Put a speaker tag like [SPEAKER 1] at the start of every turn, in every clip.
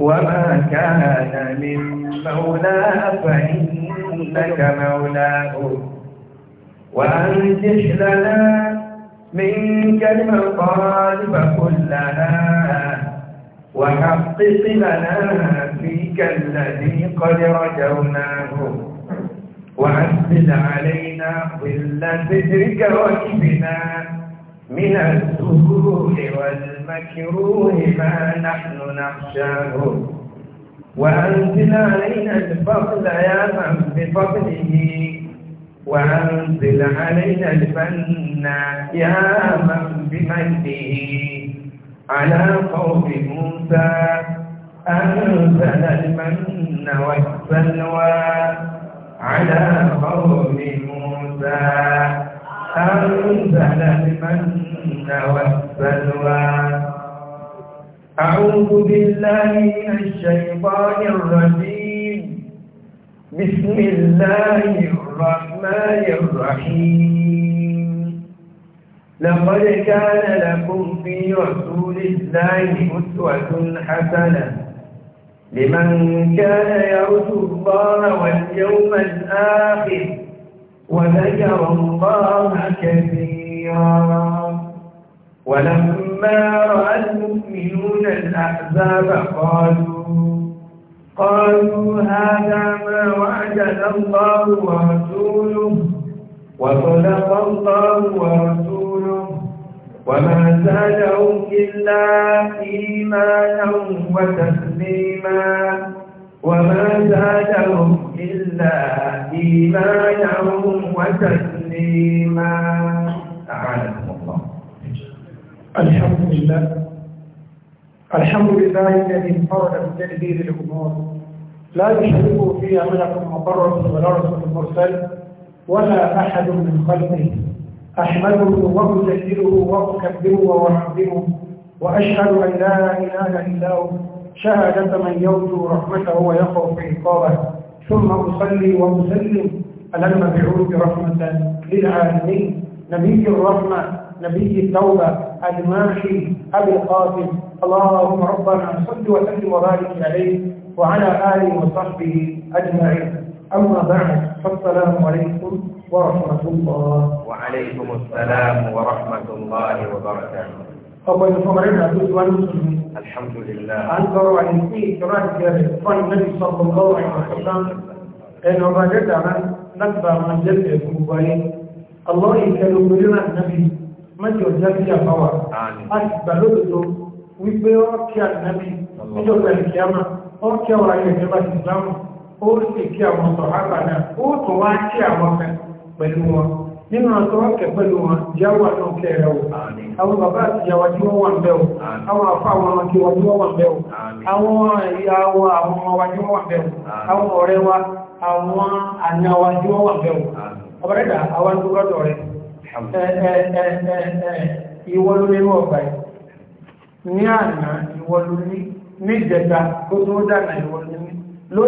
[SPEAKER 1] وما كان من مولى فإنك مولاه
[SPEAKER 2] وأنجح لنا منك المطالب كلها وحقق لنا فيك الذي قد رجوناه وعزل علينا ظل سترك وكفنا من السهول والمكروه ما نحن نخشاه وأنزل علينا الفضل يا من بفضله وأنزل علينا الفن يا من بمنه على قوم موسى
[SPEAKER 1] أنزل المن والسلوى على قوم موسى أنزل
[SPEAKER 2] والسلوى أعوذ بالله من الشيطان الرجيم بسم الله الرحمن الرحيم لقد كان لكم في رسول الله أسوة حسنة لمن كان يرجو الله واليوم الآخر وذكر الله كثيرا ولما رأى المؤمنون الأحزاب قالوا قالوا هذا ما وعدنا الله
[SPEAKER 1] ورسوله وصدق الله ورسوله وما زادهم
[SPEAKER 2] إلا إيمانا وتسليما وما زادهم إلا إيمانا وتسليما أعانكم الله الحمد لله الحمد لله الذي انفرد بتدبير الأمور لا يشركه في ملك مقرب ولا رسول مرسل ولا أحد من خلقه أحمده وأجلله وأكبره وأعظمه وأشهد أن لا إله إلا هو شهادة من يرجو رحمته ويخوف عقابه ثم أصلي وأسلم على المبعوث رحمة للعالمين نبي الرحمة نبي التوبة الماحي أبي القاسم اللهم ربنا صل وسلم وبارك عليه وعلى آله وصحبه أجمعين أما بعد فالسلام عليكم ورحمة الله وعليكم السلام ورحمة الله وبركاته ọ̀pọ̀ ìfọ̀mọ̀ rẹ̀ nàbí tí wọ́n ní sùn ní. alhamdulillah. a ń sọ̀rọ̀ wà ní sí ìṣòro àti ẹ̀rẹ̀ fún ìlẹ́bí sọ̀kọ̀ lọ́wọ́ ìwọ̀n ẹnu ọba jẹ́ta rẹ̀ láti bá àwọn jẹ́sẹ̀ fún gbogbo ayé ọlọ́run ìkẹlẹ̀ ògbèrè náà nàbí mẹ́jọ jáde àbáwà a ti gbà lódodo nínú àtọwọ́kẹ̀ pẹ̀lú wọn yáwà náà kẹrẹ o àwọn bàbá àti yàwà tí wọ́n wà ń bẹ́ o àwọn àfá àwọn ọmọ tí wọ́n tí wọ́n wà ń bẹ́ o àwọn ìyá wa àwọn ọmọ wa tí wọ́n wà ń bẹ́ àwọn ọ̀rẹ́ wa àwọn àna wa wọ́n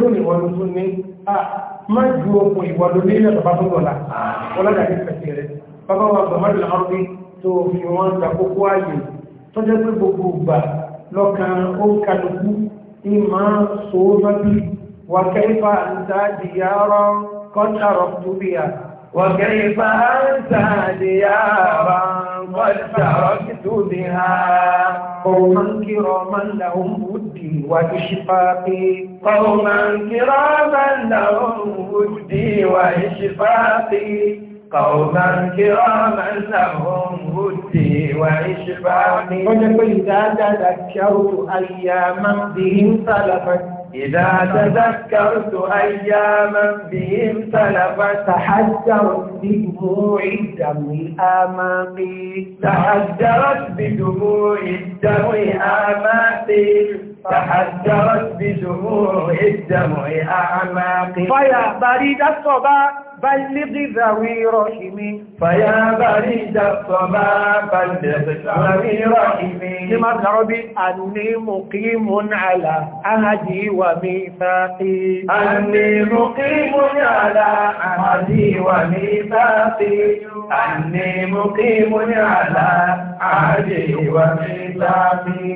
[SPEAKER 2] wà ní àná má ju okùn ìwà lórí ilẹ̀ bàbá tó lọ́la ọlọ́dà ní pẹ̀sì rẹ̀ bàbá wa bàbá lè arúgbí tó fi wọ́n gba kókó ààyè tó jẹ́ pé gbogbo ìgbà lọ́kàn ó ń kalùkù ní máa sòó mọ́bí wà kẹ́fà ń ta dìyàrá kọ́ńtà rọ̀ tó bìyà وكيف أنسى ديارا قد تركت بها قوما كراما لهم ودي وإشفاقي قوما كراما لهم ودي وإشفاقي قوما كراما لهم ودي وإشفاقي قلت إذا تذكرت أياما بهم سلفت إذا تذكرت أياما بهم سلفت تحجرت بدموع الدم الآماقي تحجرت بدموع الدم آماقي
[SPEAKER 1] تحجرت
[SPEAKER 2] بدموع الدم أعماقي فيا بريد الصباح بلغ ذوي رحم فيا بريد الصبا بلغ ذوي رحم لمذهب أني مقيم على أهدي وميثاقي أني مقيم على أهدي وميثاقي أني مقيم على أهدي وميثاقي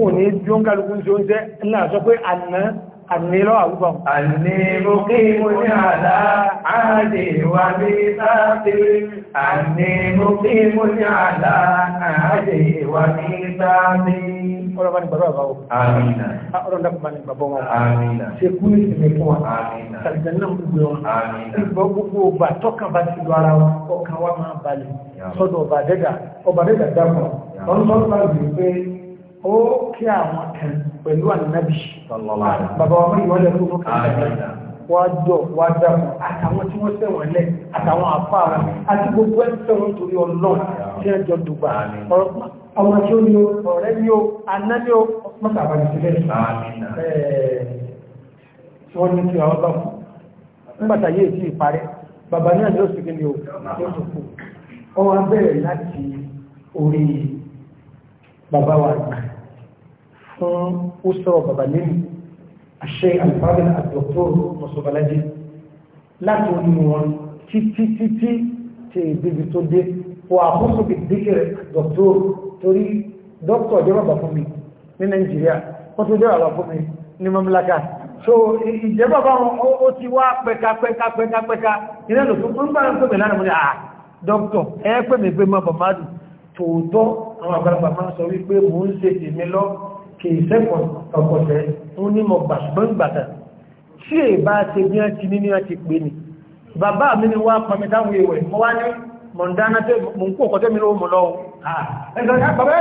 [SPEAKER 2] Òní jí ó لا kálukú ń ànílọ́ àwúgbọ̀n. Àní mú kí mú ní àlá àádé wà ní sáàtì. Àní mú kí mú ní àlá àádé wà ní sáàtì. Ọlọ́bá ni bàbá àbáwọ̀. Àmìnà. Ọlọ́dá bàbá ni bàbá wọn. Àmìnà. Ṣé kú ní ìsinmi fún wa? Àmìnà. Ṣàlìjẹ́ náà ń gbé wọn. Àmìnà. Ìgbọ́ gbogbo ọba tọ́kàn ó kí àwọn kan pẹ̀lú ànábì bàbá wa mẹ́rin wọ́n lè fún fún kàkàkà wá jọ wá dàpọ̀ àtàwọn tí wọ́n sẹ̀wọ̀n lẹ̀ àtàwọn àfáàrà àti gbogbo ẹ̀ sẹ̀wọ̀n torí ọlọ́run tí ẹ jọ dùgbà ọmọ tí ó ní ọ̀rẹ́ ní o ànábì o mọ́tà àbájú sílẹ̀ wọ́n ní kí àwọn bá fún nígbàtà yìí tí ìparẹ́ bàbá náà ni ó sì kí ni o ó tó kù ọwọ́ abẹ́rẹ̀ láti bàbá wa àgbà fún ó sọ̀rọ̀ bàbá lẹ́nu àṣẹ àlùfáàbẹ̀ àdọ̀tọ̀ mọ̀sọ̀bàlájì láti orí wọn títí títí tí ìbíbi tó dé wọ àkóso kìdíkìrì àdọ̀tọ̀ torí dókítà jẹ́ bàbá fún mi ní nàìjíríà wọ́n tó jẹ́ bàbá fún mi ní mamlaka so ìjẹba bá wọn ó ti wá pẹ́kápẹ́kápẹ́kápẹ́ká ilé lòtún ń bá ń pè mí lánàá mo ní à ah, dókítà ẹ pè mí pé má bàbá tòótọ́ àwọn àgbàlagbà máa sọ wípé mò ń ṣe tèmi lọ kì í sẹ́kọ̀ọ́ ọ̀pọ̀sẹ̀ ń ní mọ̀ gbàṣùgbọ́n gbàtà tí è bá ṣe bí wọ́n ti ní ní wọ́n ti pè ní bàbá mi ni wọ́n pàmì táwọn èèwẹ̀ mọ́ wá ní mọ̀ndánà tẹ́ mò ń kó ọ̀kọ́ tẹ́mi lówó mọ̀ lọ́wọ́ ẹ̀sọ̀ bàbá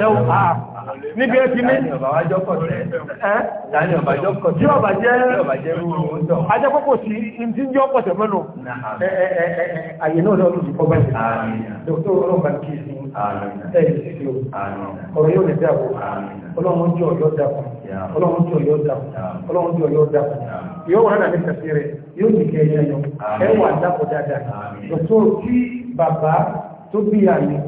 [SPEAKER 2] yẹ́ níbi ẹ ti ní. Tani ọba jẹ́ kọ̀tẹ̀. Tí ọba jẹ́ ajẹ́kọ̀kọ̀ sí ti ń jẹ́ ọ̀pọ̀tẹ̀ mẹ́nu. Àyè náà lọ́dún ti kọ́ báyìí. Dókítà ọlọ́run bá kí sí ẹ̀yìn sí o. Ọ̀rọ̀ yóò lè dàbò. Ọlọ́run jẹ́ ọ̀yọ́ dàbò. Ọlọ́run jẹ́ ọ̀yọ́ dàbò. Ọlọ́run jẹ́ ọ̀yọ́ dàbò. Yóò wọ́n náà ní kàfí rẹ̀ yóò ní kẹ́ ẹ̀yẹ yọ. Ẹ wà dàbò dáadáa. Dókítà tí bàbá tó bí àyè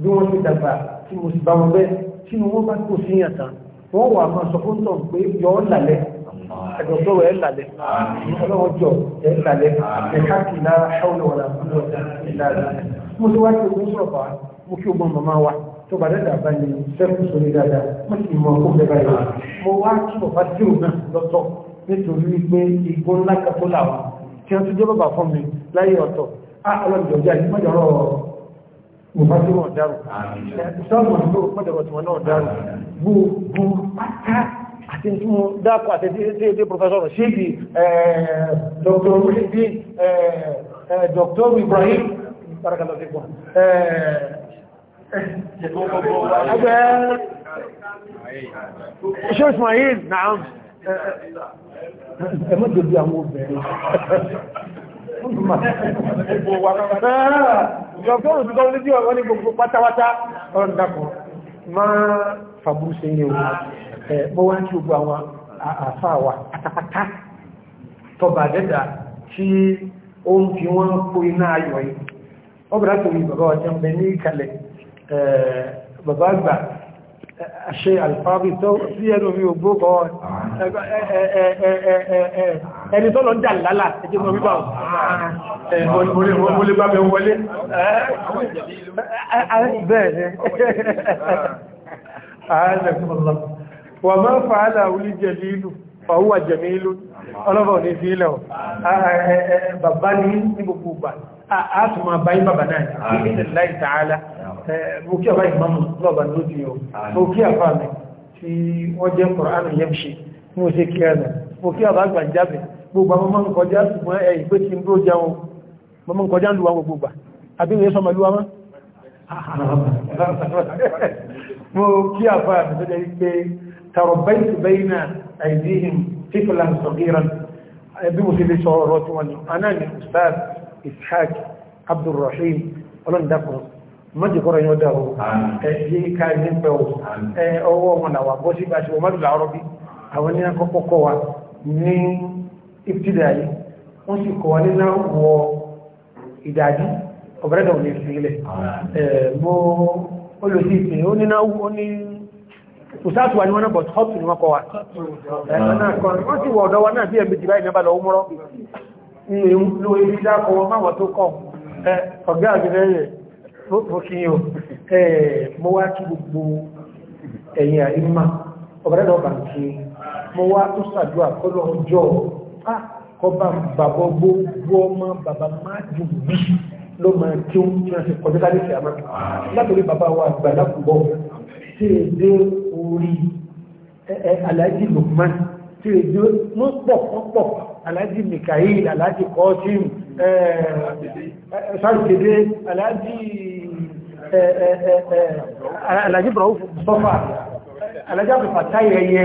[SPEAKER 2] bí wọ́n ti dàgbà tí mo sì bá wọn bẹ́ẹ̀ tí wọ́n bá kó sí yàtà wọ́n wà máa sọ fún tàn pé yọ ọ́ lálẹ́ ẹ̀dọ̀ tó wẹ̀ ẹ́ lálẹ́ ọlọ́wọ́ jọ ẹ̀ lálẹ́ ẹ̀ka kì í lára ṣáwọn ọ̀la mo ti wá kí ogun sọ̀rọ̀ bá mo kí ogun màmá wa tó bá dáadáa bá ní sẹ́kù sórí dáadáa mo sì mọ ọkọ̀ bẹ́ẹ̀ báyìí mo wá kí bàbá tí òun náà lọ́tọ̀ nítorí wípé igbó ńlá kan tó là tí wọ́n ti jẹ́ bàbá fún mi láyé ọ̀tọ̀ á ah, ọlọ́dún ọjà yìí mọ́jọ́ ìfọ́síwọ̀ ọ̀dárù ṣọ́ọ̀bù tó pọ́dọ̀wọ̀ tí wọ́n náà dárù gbogbo pátá àti tí mo dákọ̀ àti tí èdè pọ̀fẹ́sọ̀rọ̀ ṣéèkì dr Ibrahim barakalọ́fíkọ́
[SPEAKER 1] ṣe Ismail náà ẹmọ́ mà gbogbo
[SPEAKER 2] wa ìjọba òtù kan lójú ọ̀rọ̀ ní gbogbo pátápátá ọ̀rọ̀ dàpọ̀ máa fàbú sí ní o bó wá ń kí gbogbo àwọn àfà wa pátápátá tọba àdẹ́dà tí ó ń fi wọ́n kó iná ayọ̀ yìí ọbẹ̀rẹ̀ àtòrí bàbá ọjọ́ ń bẹ ní ìkàlẹ̀ bàbá àgbà ṣe alfáàbì tó sí ẹnu mi ò kọ́ ẹni tó lọ ń jà lálà ẹjẹ́ mọ̀ wípà wọlé bá bẹ wọlé bẹ́ẹ̀ wà máa fàálà wuli jẹ̀lílù fàúwà jẹ̀mílù ọlọ́bọ̀ ní fílẹ̀ bàbá ní ní gbogbo gbà a tún máa báyí bàbá náà ní ìlàí tààlà mú kí ọba ìmọ̀mù lọ́bà lójú yóò mú kí àfáà mi tí wọ́n jẹ́ kọ̀rọ̀ ánà yẹ́mṣe mú sí kí ẹ̀nà mú kí ọba àgbà gbogbo àwọn ọmọ nkọjá ṣùgbọ́n ẹ̀yìn pé kí n tó jẹun mọ́mọ́ nkọjá ń lu àwọn gbogbo àbí ìwé sọmọ ìlú wọn mo kí àfà àtẹ́jẹ́ wípé tàrọ̀bẹ́ìtì bẹ́yìnà àìdíhìn tífìlà ustaz ishaq abdulrahim ọlọ́ndàkùn mọ́jẹ̀kọ́rọ̀ yóò dáró ẹ̀yí ká ní pẹ́ ọwọ́ wọn àwọn bọ́sí bá ṣe wọ́n mọ́dúnlá ọ̀rọ̀ bí àwọn ní akọ́kọ́ wa ní ìbítìdà yìí wọ́n sì kọ̀ nínú wọ ìdájí ọ̀bẹ̀rẹ̀dà ò ní sílẹ̀ mo olùsí ìpín ó níná ó ní ìsáàtùwà ní wọ́n náà bọ̀t ní wọ́n kọ wa wọ́n sì wọ̀ wa náà bí ẹ̀mí jìbá ìnábà lọ múrọ́ lo ibi dákọ̀ wọn máwọn tó kọ̀ ọ̀gá àgbẹ̀rẹ̀ mo kí yíò mo wá kí gbogbo ẹ̀yìn àríma tó sàdúà kọ́lọ́ ọjọ́ ah kọba bàbọ̀ gbogbo ọmọ bàbá máa jù bí ló máa tí ó tí wọ́n ti kọjú ká nífẹ̀ẹ́ àmà látòrí bàbá wa àgbàdá púpọ̀ tí è dé orí aláàjì Lukman tí è dé wọ́n pọ̀ wọ́n pọ̀ aláàjì Mikael aláàjì kọ́ọ̀tìm sáàkèdè aláàjì aláàjì bọ̀rọ̀ fọ́fà aláàjì àbùfà táyẹyẹ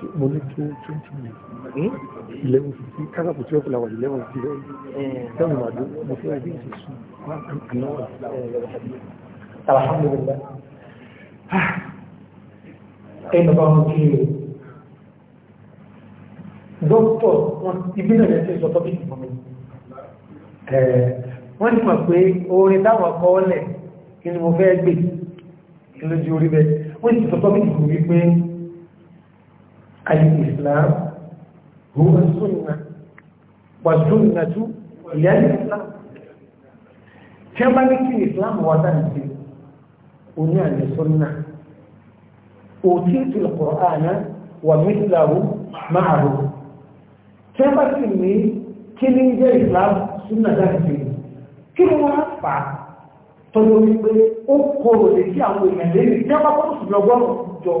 [SPEAKER 2] ṣe mo ní tó twenty minutes hmm? eleven fifty kára kò twelve hours eleven fifty bẹ́ẹ̀ eh. sẹ́wọ̀n máa dé mo fẹ́ ẹbí ìṣe sùn àná wà. alhamdulillah ah. ẹ̀yin bàbá wọn kí o dókítọ̀ wọn ibi náà yẹn ti sọ tọ́pìkì fún mi eh, wọ́n ti mọ̀ pé orin táwọn akọ́ọ́lẹ̀ kí ni mo fẹ́ gbè kí lójú orí bẹ́ẹ̀ wọ́n ti sọ tọ́pìkì fún mi pé. الإسلام هو السنة والسنة هي الإسلام كما نكي الإسلام وذنبي ونعم السنة أوتيت القرآن ومثله معه كما كني كني الإسلام سنة ذنبي كما أفع tọ́lọ́ wípé ó kòrò lè kí àwọn èèyàn lè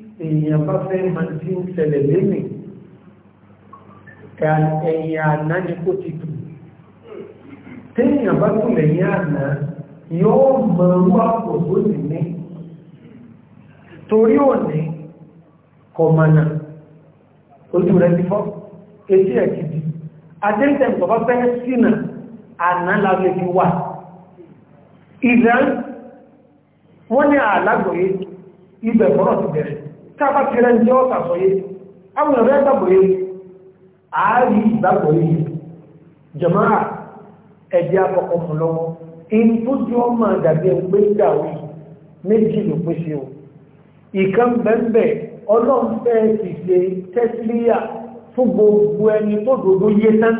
[SPEAKER 2] èèyàn bá fẹ́ máa ti ń ṣẹlẹ̀ lẹ́nì ẹ̀yìn àná ni kó ti tù téèyàn bá tún lẹ́yìn àná yóò mọ orú àpò tó sì ní torí òní kọmọnà ojú rẹ̀ ti fọ́ etí ẹ̀ ti di adéǹtẹ̀m tó bá fẹ́ sínà àná lábẹ́ ti wà ìdán wọ́n ní àlágbòye ibẹ̀ bọ́rọ̀ ti bẹ̀rẹ̀ tábà ti rẹ̀ jẹ́ ọ̀sàsọ̀yé àwọn ẹ̀rẹ́ gbàgbòye ààrí ìgbàgbòye jẹ̀máà ẹ̀dẹ́ àkọ́kọ́ mọ̀ lọ́wọ́ in tó jẹ́ ọmọ àdàbí ẹgbẹ́ ìgbàwí méjì ló pé sí o ìkan bẹ́ẹ̀bẹ̀ ọlọ́mfẹ́ ti ṣe tẹ́sílíyà fún gbogbo ẹni tó dòdó yé tán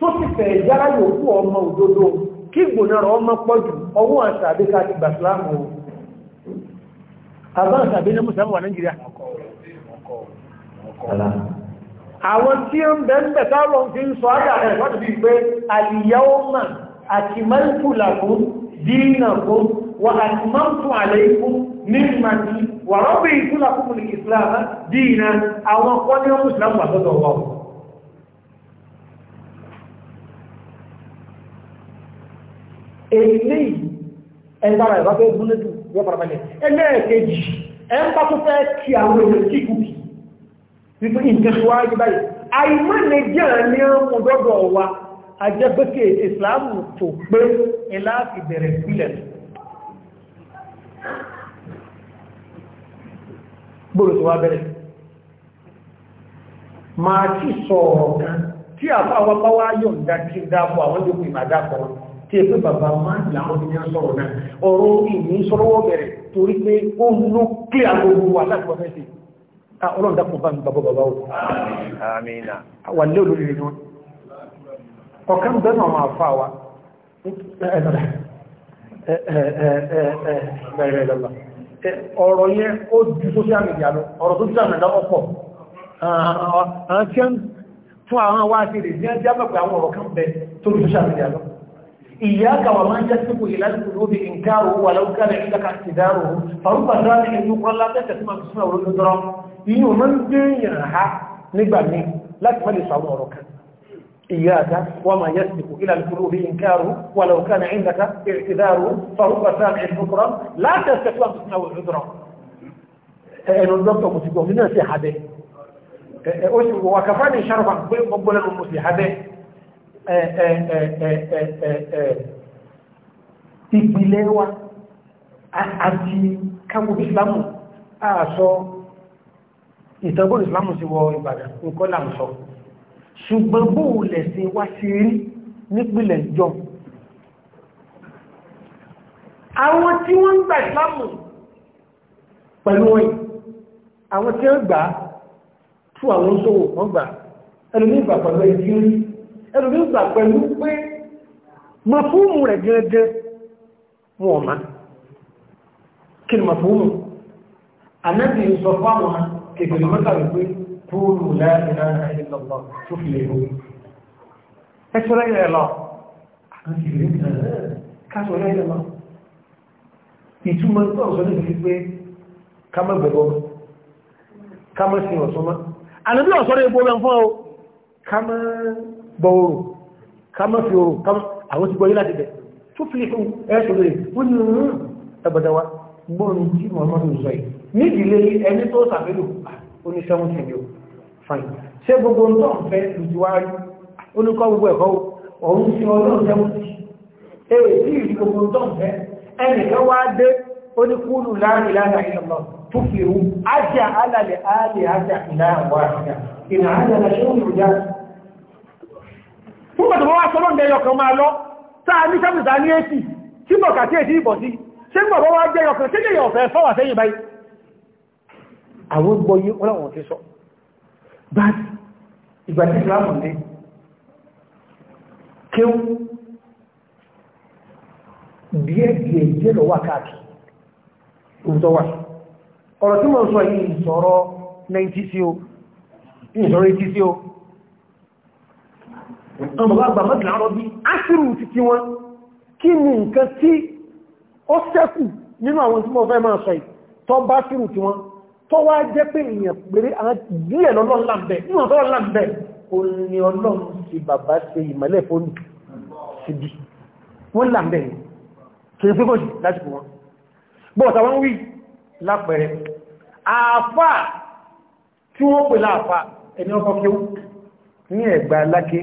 [SPEAKER 2] tó sì fẹ̀ yára yòókù ọmọ òdodo kí gbònà ọmọ pọ̀jù ọwọ́ àtàbíkà ti gbàsílámù o àbáǹsà bí ní mùsàmù wà nàìjíríà àwọn tí ó ń bẹ̀ẹ̀bẹ̀ táwọn fi ń sọ àdàrẹ̀ wọ́n ti pé àlìyàwómà àti mẹ́kùlàkún dínàkún wà àti mọ́tún àlẹ́kún nígbàtí wà rọ́bì ìkúlàkún ní ìsìláàmà ẹgbàrà ìbáfẹ́ gúnlẹ́dùn yọ farabalẹ̀ ẹlẹ́ẹ̀kejì ẹ ń bá tó fẹ́ kí àwọn èèyàn kí kù kì wípé nǹkan tó wáyé báyìí àìmọ́ ni jẹ́ ní ọmọdọ́dọ̀ wa ajẹ́gbẹ́kẹ̀ ìsìláàmù tó pé ẹlá fi bẹ̀rẹ̀ sílẹ̀ gbọ́rọ̀ tó wá bẹ̀rẹ̀ máa tí sọ̀rọ̀ kan tí àfáwọn bá wá yọ̀ ń dá kí dáàbò àwọn yóò tí ẹ pé bàbá máa ń làwọn ti ní à sọ̀rọ̀ náà ọ̀rọ̀ ìní sọ́rọ́wọ́ bẹ̀rẹ̀ torí pé ó ń ló kí agogo wà láti wọ́n mẹ́sì ọlọ́run dákun bá mi bàbá bàbá o àmìnà wà lé olórí rẹ̀ wọn ọ̀kan bẹ́ẹ̀ náà máa fà wá ọ̀rọ̀ yẹn ó ju social media lọ ọ̀rọ̀ tó social media ọ̀pọ̀ àwọn tí wọ́n fún àwọn wá sí rè ní ẹjẹ́ àgbàgbà àwọn ọ̀rọ̀ kan bẹ tó social media lọ إياك وما يسبق إلى القلوب إنكاره ولو كان عندك اعتذاره فرب الرابع أن يقول لا تسمع بسم الله الإدراء إيه، إنه من بينها نبني لا تفلي صورك إياك وما يسبق إلى القلوب إنكاره ولو كان عندك اعتذاره فرب الرابع أن يقول لا تستطيع بسم الله الإدراء ẹnu dọ́kítọ̀ mùsùlùmí náà sí وكفاني شرفا sì wọ́n kàfá ní ìṣàrùfà ìpìlẹ̀ wa àti kápò ìsìlámù àṣọ ìtàgbò ìsìlámù sí wọ Ìbàdàn nǹkan là ń sọ ṣùgbọ́n bóòlẹ̀ sí wá sí rí nípìlẹ̀ jọ àwọn tí wọ́n ń gbà ìsìlámù pẹ̀lú wọn àwọn tí wọ́n gbà tú àwọn sówò wọ́n gbà ẹlùmí ìgbà pẹ̀lú ẹgbẹ́ ẹlùmí gbà pẹ̀lú pé mọ̀fúnmù rẹ̀ gẹ́gẹ́ wọn ọ̀má kí ni mọ̀fúnmù anẹ́bì ń sọ fáwọn kèfèrè mẹ́ta rẹ̀ pé kúrò láàrín ìtumọ̀ tó ọ̀sọ̀ ní ìfipé ká mọ́ gbẹ̀gbọ́ ká mọ́ sí ọ̀sọ́mọ́ àlẹ́bí ọ̀sọ́rọ̀ epo mẹ́ fún ọ ká mọ́ bọ oòrùn ká má fi oòrùn ká àwọn ti gbọ́yí láti bẹ̀ tó fi fún ẹ̀ṣọ́ rẹ̀ wọ́n ni wọ́n ẹgbẹ̀dẹ̀ wa gbọ́rùn tí Muhammadu sọ yìí nídìílé ẹni tó sàfẹ́lò oní ah, sẹ́wọ́n ti fine ṣé gbogbo ń tọ́ fẹ́ lùtù wá rí olùkọ́ gbogbo ẹ̀kọ́ ọ̀hún sí ọlọ́run sẹ́wọ́n ti èyí tí ìlú gbogbo ń tọ́ fẹ́ ẹnì kan wá dé oníkúlù láàrin láàrin ìlọ́ tó fi rú ájà púpọ̀ tó wá sọ́lọ́ jẹyọ kan máa lọ táà ní sáàmìta ní èsì tí mọ̀ kàtí èsì ìbọ̀ sí ṣe mọ̀ wá jẹyọ kan tẹ́lẹ̀ yọ fẹ́ sọ báyìí ìgbà tí ìsìlámù ní kéwú díẹ̀ díẹ̀ díẹ̀ lọ wà káàkiri òótọ́ wà ọ̀rọ̀ tí mo sọ yìí ìsọ̀rọ̀ 90 sí o ìsọ̀rọ̀ 80 sí o ọmọ bá gbà mọ́tìlá ọ̀rọ̀ bí áṣírù títí wọn kí ni nǹkan tí ó sẹ́kù nínú àwọn tí mo fẹ́ máa sọ tó bá sírù tí wọn tó wá jẹ́ pé èèyàn pèrè àwọn díẹ̀ lọ́lọ́làbẹ̀ òní ọlọ́run ti bàbá ṣe ìmọ̀lẹ̀ fóònù síbi wọ́n làbẹ̀ kìí pé kòjì lásìkò wọn bọ́ọ̀ta wọ́n wí lápẹẹrẹ àfà tí wọ́n pè láàfà ẹni ọkọ̀ kí ó ní ẹ̀gbà lákẹ́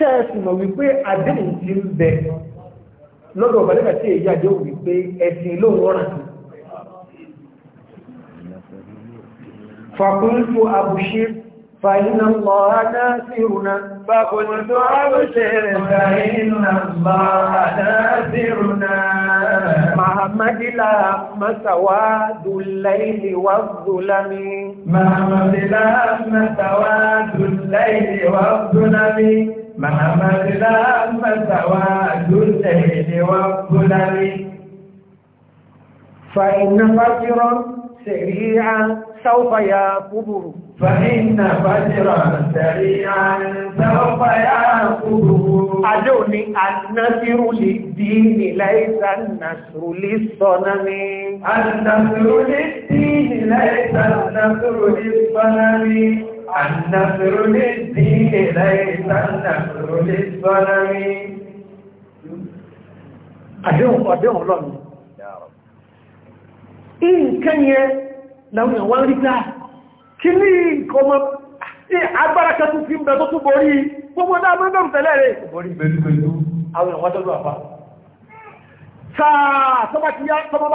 [SPEAKER 2] tẹ́ẹ̀sì mọ̀ wípé àdéhùn ti ń bẹ lọ́dọ̀ ọ̀bàdẹ́gbà tí èyí àjọ wípé ẹ̀sìn ló rọrùn sí. فقلت أبشر فإن الله ناصرنا فقلت أبشر فإن الله ناصرنا محمد لا مسواد الليل والظلم محمد لا مسواد الليل والظلم مهما اختلف سواد الليل والظلم فإن فجرا سريعا سوف يقبر فإن فجرا سريعا سوف يقبر أدوني النصر للدين ليس النصر للصنم النصر للدين ليس النصر للصنم النصر للدين ليس النصر للظلم àdéhùn ọ̀déhùn lọ́nà nǹkan yẹn láwọn èèyàn wọ́n rí náà kí ní ìkọmọ agbára kẹtù fi ń bẹ tó tún borí gbogbo dáa mẹ́bẹ̀rún tẹ́lẹ̀ rẹ̀ borí pẹ̀lú àwọn èèyàn wọ́n tọ́lú àpá sáà tọ́bá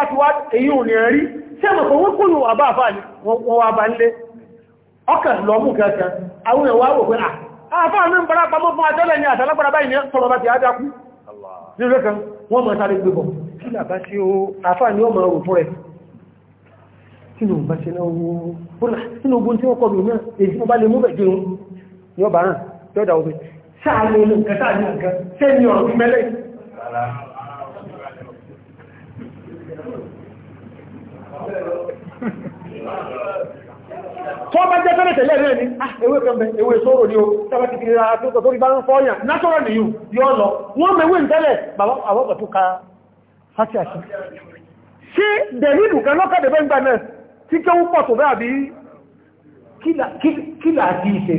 [SPEAKER 2] ti wá èyí ò ní ẹ̀rí sẹ́mọ̀ ọkàn lọ́mù kẹ́kẹ́ àwọn ẹ̀wà wò pé ah, àfáà ní bára pamọ́ fún àtẹ́lẹ̀ ní àtàlágbàrá báyìí ní sọ̀rọ̀ bá ti ádákú ní rẹ́kẹ́ wọ́n mọ̀ sáré gbébọ̀ kí làbá sí o àfáà ní ọmọ òfú rẹ̀ kí ló bá ṣe náà wó bọ́lá kí ló gún tí wọ́n kọ́ mi náà èyí mo bá lè mú bẹ̀jẹ̀ òun ní ọba rán yọ́dà omi sáà ní olè nǹkan sáà
[SPEAKER 1] Thank you.
[SPEAKER 2] tó bá jẹ́ fẹ́rẹ̀ tẹ̀lẹ̀ rẹ̀ ní ewé kẹ́mẹ́ ewé sóró ní o tẹ́bá ti kìrìra tó tó rí bá ń fọ́yàn nátọ́rọ̀ nìyù yóò lọ wọ́n mẹ́wé ń tẹ́lẹ̀ bàbá àwọ́pọ̀ tó ka fásí àṣí ṣe dẹ̀lìlù kan lọ́kàdẹ̀ bẹ́ ń gbà náà tí kẹ́ pọ̀ tó bẹ́ àbí kílà àti ìṣe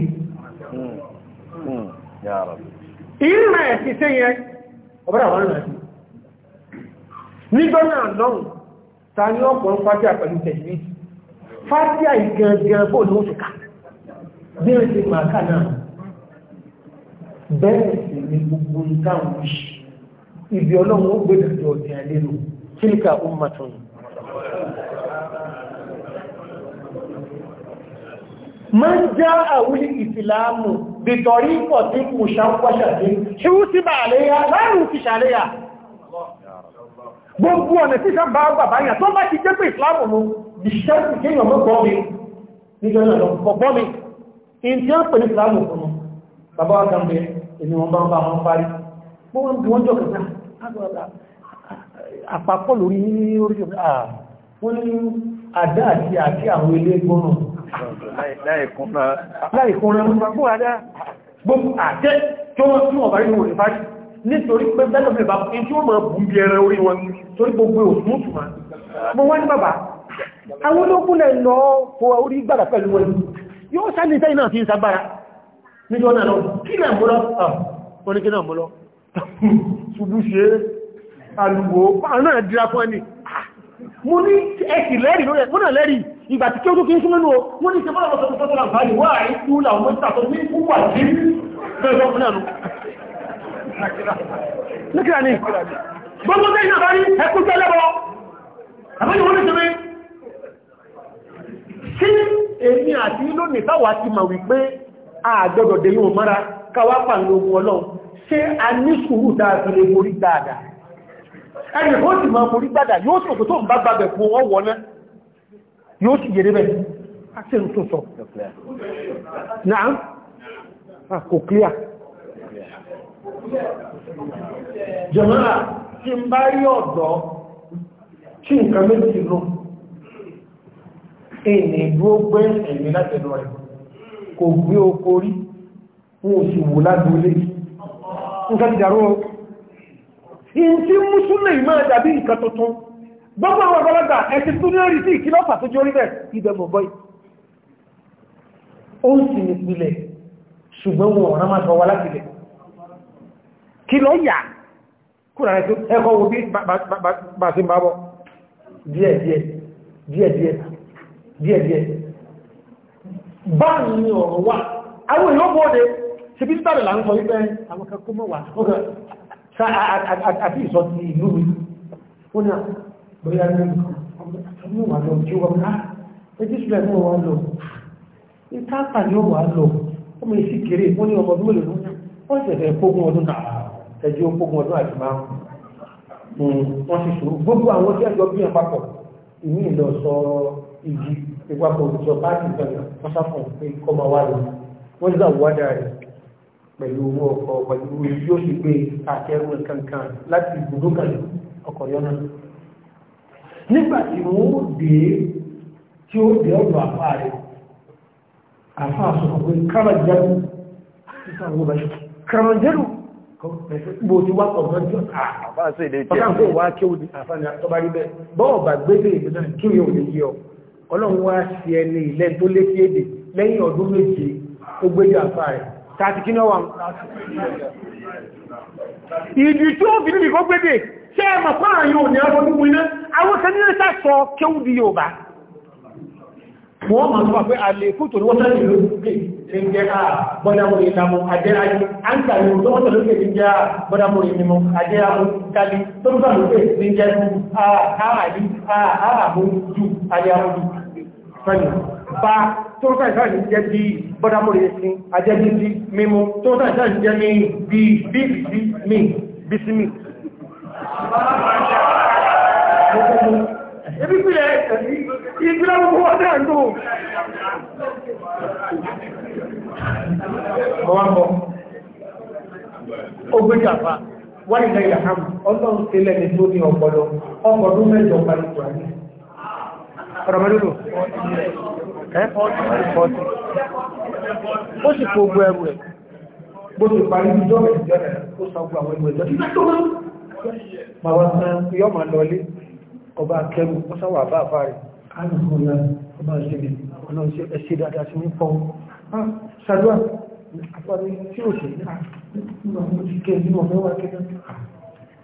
[SPEAKER 2] ìrìnà ẹ̀sì ṣe yẹn ọ̀bẹ́rẹ̀ àwọn ìrìnà sí nígbọ́nà lọ́rùn ta ní ọ̀pọ̀ ń fásí àpẹ̀lú tẹ̀lìmí fátíà ìgangan bó ní oṣù ká bí ó ti máa ká náà bẹ́ẹ̀ sì ni gbogbo ìdáhùn ṣì ibi ọlọ́run ó gbèdà jọ ọ̀dẹ̀ àlérò kílíkà ó máa tán ma ń já àwúlì ìsìláàmù bìtọ̀rí pọ̀ tí kò ṣàkọ́ṣàdé ṣíwú sí bà àléyà láàrùn ti ṣàléyà gbogbo ọ̀nà tí ṣàbá bàbá yà tó bá ti jẹ́ pé ìsìláàmù mú ìṣẹ́sì kéèyàn mọ́ gbọ́ mi níjọ́ náà lọ kọ̀ gbọ́ mi in tí ó pè ní ìsìlámù fún un bàbá wa kan bẹ èmi wọn bá ń bá wọn parí bó wọn bí wọn jọ kẹta àpapọ̀ lórí orí ọ̀gá wọn ní àdá àti àti àwọn ilé gbọ́nà láìkúnra gbogbo àdá gbogbo àtẹ́ tí wọ́n tún ọ̀bá rí wọn ìfájì nítorí pé bẹ́lẹ̀ bẹ́lẹ̀ bá ń tí wọ́n máa bùn bí ẹran orí wọn torí gbogbo àwọn olókúnlẹ̀ lọ fò orí gbàdà pẹ̀lú wọn yóò sáàlì tẹ́ iná fi ń sagbára níjọ́ náà lọ kí lẹ́ múlọ́ wọn ni ah, kí náà múlọ́ ṣubú ṣe alùgbò náà dira fún ẹni ah, mo ní ẹ̀sì lẹ́rì lórí ẹ̀mọ́ náà lẹ́rì ìgbà tí kí ó tó kí ń súnmọ́nù o mo ní ìṣẹ́fọ́nà lọ́sọ̀tọ̀ tó tó làǹfààní wà á ìtú làwọn mọ́ta tó ní púpà sí bẹ́ẹ̀ lọ́pọ̀ náà nù nígbà ní gbogbo tẹ́yìn àbárí ẹkùn tẹ́lẹ́bọ̀ àbáyíwọ́n ní ṣe tí èmi àti lónìí táwà ti ma wípé àgbọ́dọ̀ dé yóò mara káwápà lóògùn ọlọ́run ṣe a ní sùúrù dáadọ́ lè borí dáadáa ẹni ó sì borí dáadáa yóò òkútó ń bá gbàgbẹ̀ fún ọwọ́ wọ́ná yóò èèyàn ìdúró gbé ẹ̀mí látẹ̀lọ rẹ̀ kò gbé oko rí wọn ò sì wò ládúlé nǹkan ti dàrú in tí mùsùlùmí máa dàbí nǹkan tuntun gbogbo àwọn ọgbọ́lọ́gbà ẹ̀sìn tó ní orí sí ìkìlọ́fà tó jẹ́ orí bẹ̀ ìbẹ̀mọ̀ bọ́ì ó sì ní ìpìlẹ̀ díẹ̀díẹ̀ báyìí ni ọ̀rọ̀ wà àwọn èèyàn bóde ṣe bí sítàrì là ń sọ wípé àwọn mọ́ wà àti ìsọ ti ìlú mi ó ní àbúrí ah, ni lọ wọ́n ní ọmọ hmm, gbogbo àwọn tí ẹjọ́ bí ẹ̀ papọ̀ ìní ìpapọ̀ ìjọba nìkan pásáfọ̀ pé kọ́ máa wà lónìí wọ́n zà wádà rẹ̀ pẹ̀lú owó ọkọ̀ pẹ̀lú yóò sì gbé àtẹ́rù kankan láti ibùdó kan ọkọ̀ yọ́nà nígbà tí wọ́n ó dé tí ó dé ọ̀dọ̀ àfáà rẹ̀ àfáà sọ̀rọ̀ pé káràjẹ́rù káràjẹ́rù bó ti wá ọ̀gbọ́n jọ ah, àfáà sí ilé jẹ́ ọlọ́run wá sí ẹni ilẹ̀ tó lé sí èdè lẹ́yìn ọdún méje ó gbé jù àfà rẹ̀ tàbí kí náà wà
[SPEAKER 1] ìdí tó fi níbi kó
[SPEAKER 2] gbédè fún àyàn òní àwọn ọdún mú wọ́n ma ń wà pé àlékún tó ní wọ́n tẹ́lẹ̀ lókè tí ń jẹ́ àbọ́dámọ́ ìlàmọ́ àjẹ́ráyé àǹkàrí tó wọ́n tẹ́lẹ̀ lókè tí ń jẹ́ àbọ́dámọ́ ìlàmọ́ àjẹ́ráyé kálí tó ń gbàmù pé tí ń jẹ́ àárí àámójú ayámójú fẹ́lẹ̀ bá tó ń sáìsáì ní jẹ́ bí bọ́dámọ́ ìlàmọ́ àjẹ́bí sí mímú tó ń sáìsáì ní jẹ́ mi bí bí sí mi bí sí mi
[SPEAKER 1] Thank you ebi pílẹ̀ ìpínlẹ̀ gbogbo wọ́n náà lò ọwọ́pọ̀
[SPEAKER 2] ogbèjì àfà wà nílẹ̀ ìyàhàm ọlọ́run tẹ́lẹ̀ ní tó ní ọpọlọ ọgbọ̀dún mẹ́jọ pàlùkù àní
[SPEAKER 1] ọ̀rọ̀mọ́lúlò ó sì kó ogbó ẹrù
[SPEAKER 2] ẹ̀ gbogbo ìparí ìjọ́ ìjọ́ ẹ̀ ó sọ gbogbo àwọn ìgbẹ̀jọ́ ọba kẹrù ọsáwà àfáàfá rẹ̀ káàkiri ọba ṣẹlẹ̀ ọlọ́ṣẹ́ ẹ̀ṣẹ́ dáadáa sí ní pọ́n ṣàdúrà àpapọ̀ tí ó ṣe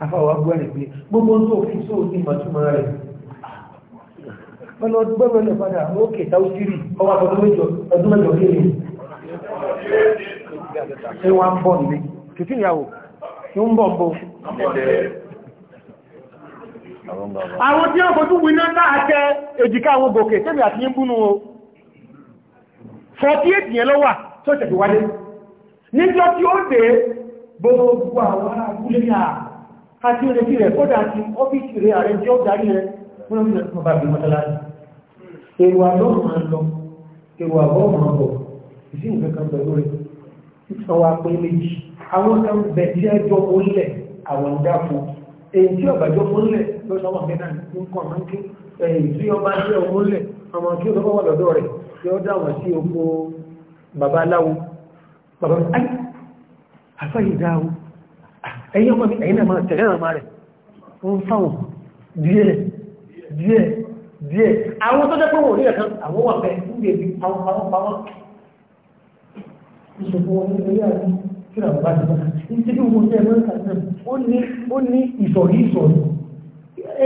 [SPEAKER 2] àfáwà gbọ́rẹ̀ pé gbogbo tó fi só ní ìmọ̀túnmọ̀ rẹ̀ ọlọ́ gbọ́rẹ̀lẹ̀ padà ókè táúsírì ọwà ọdún mẹ́jọ kéré
[SPEAKER 1] ẹwà ń bọ̀ nílé
[SPEAKER 2] kìtìyàwó ń bọ̀ ń bọ̀ àwọn tí ó fojú winá náà tẹ èjìká àwọn gòkè tẹ́bí àti yí búnú o 48 yẹn lọ́wà tó tẹ̀bí wálé níjọ́ tí ó dé gbogbo àwọn agúlé àti ìrètí rẹ̀ kódà àti ọ́fíìsì rẹ̀ ààrẹ tí ó darí rẹ̀ fún ọmọ ìrẹsùn bàbí mọ́tàlájì èrò àlọ́ máa ń lọ èrò àbọ̀ máa ń bọ̀ ìsí nǹkan ló sọ́wọ́ mẹ́ta ní kọ̀ máa ń kí ẹ̀yìn tí ọba jẹ́ ọmọ lẹ̀ ọmọ kí ó lọ́wọ́ lọ́dọ̀ rẹ̀ tí ó dá wọn sí oko bàbá aláwo bàbá ayé àfẹ́yìn dáwó ẹ̀yìn ọmọ mi ẹ̀yìn náà máa tẹ̀lé ọmọ rẹ̀ ó ń fáwọn díẹ̀ díẹ̀ díẹ̀ àwọn tó jẹ́ pé wọ́n rí ẹ̀kan àwọn wà bẹ́ẹ̀ ń gbé ibi wọn jẹ́ mẹ́ta náà ó ní ìsọ̀rí ìsọ̀rí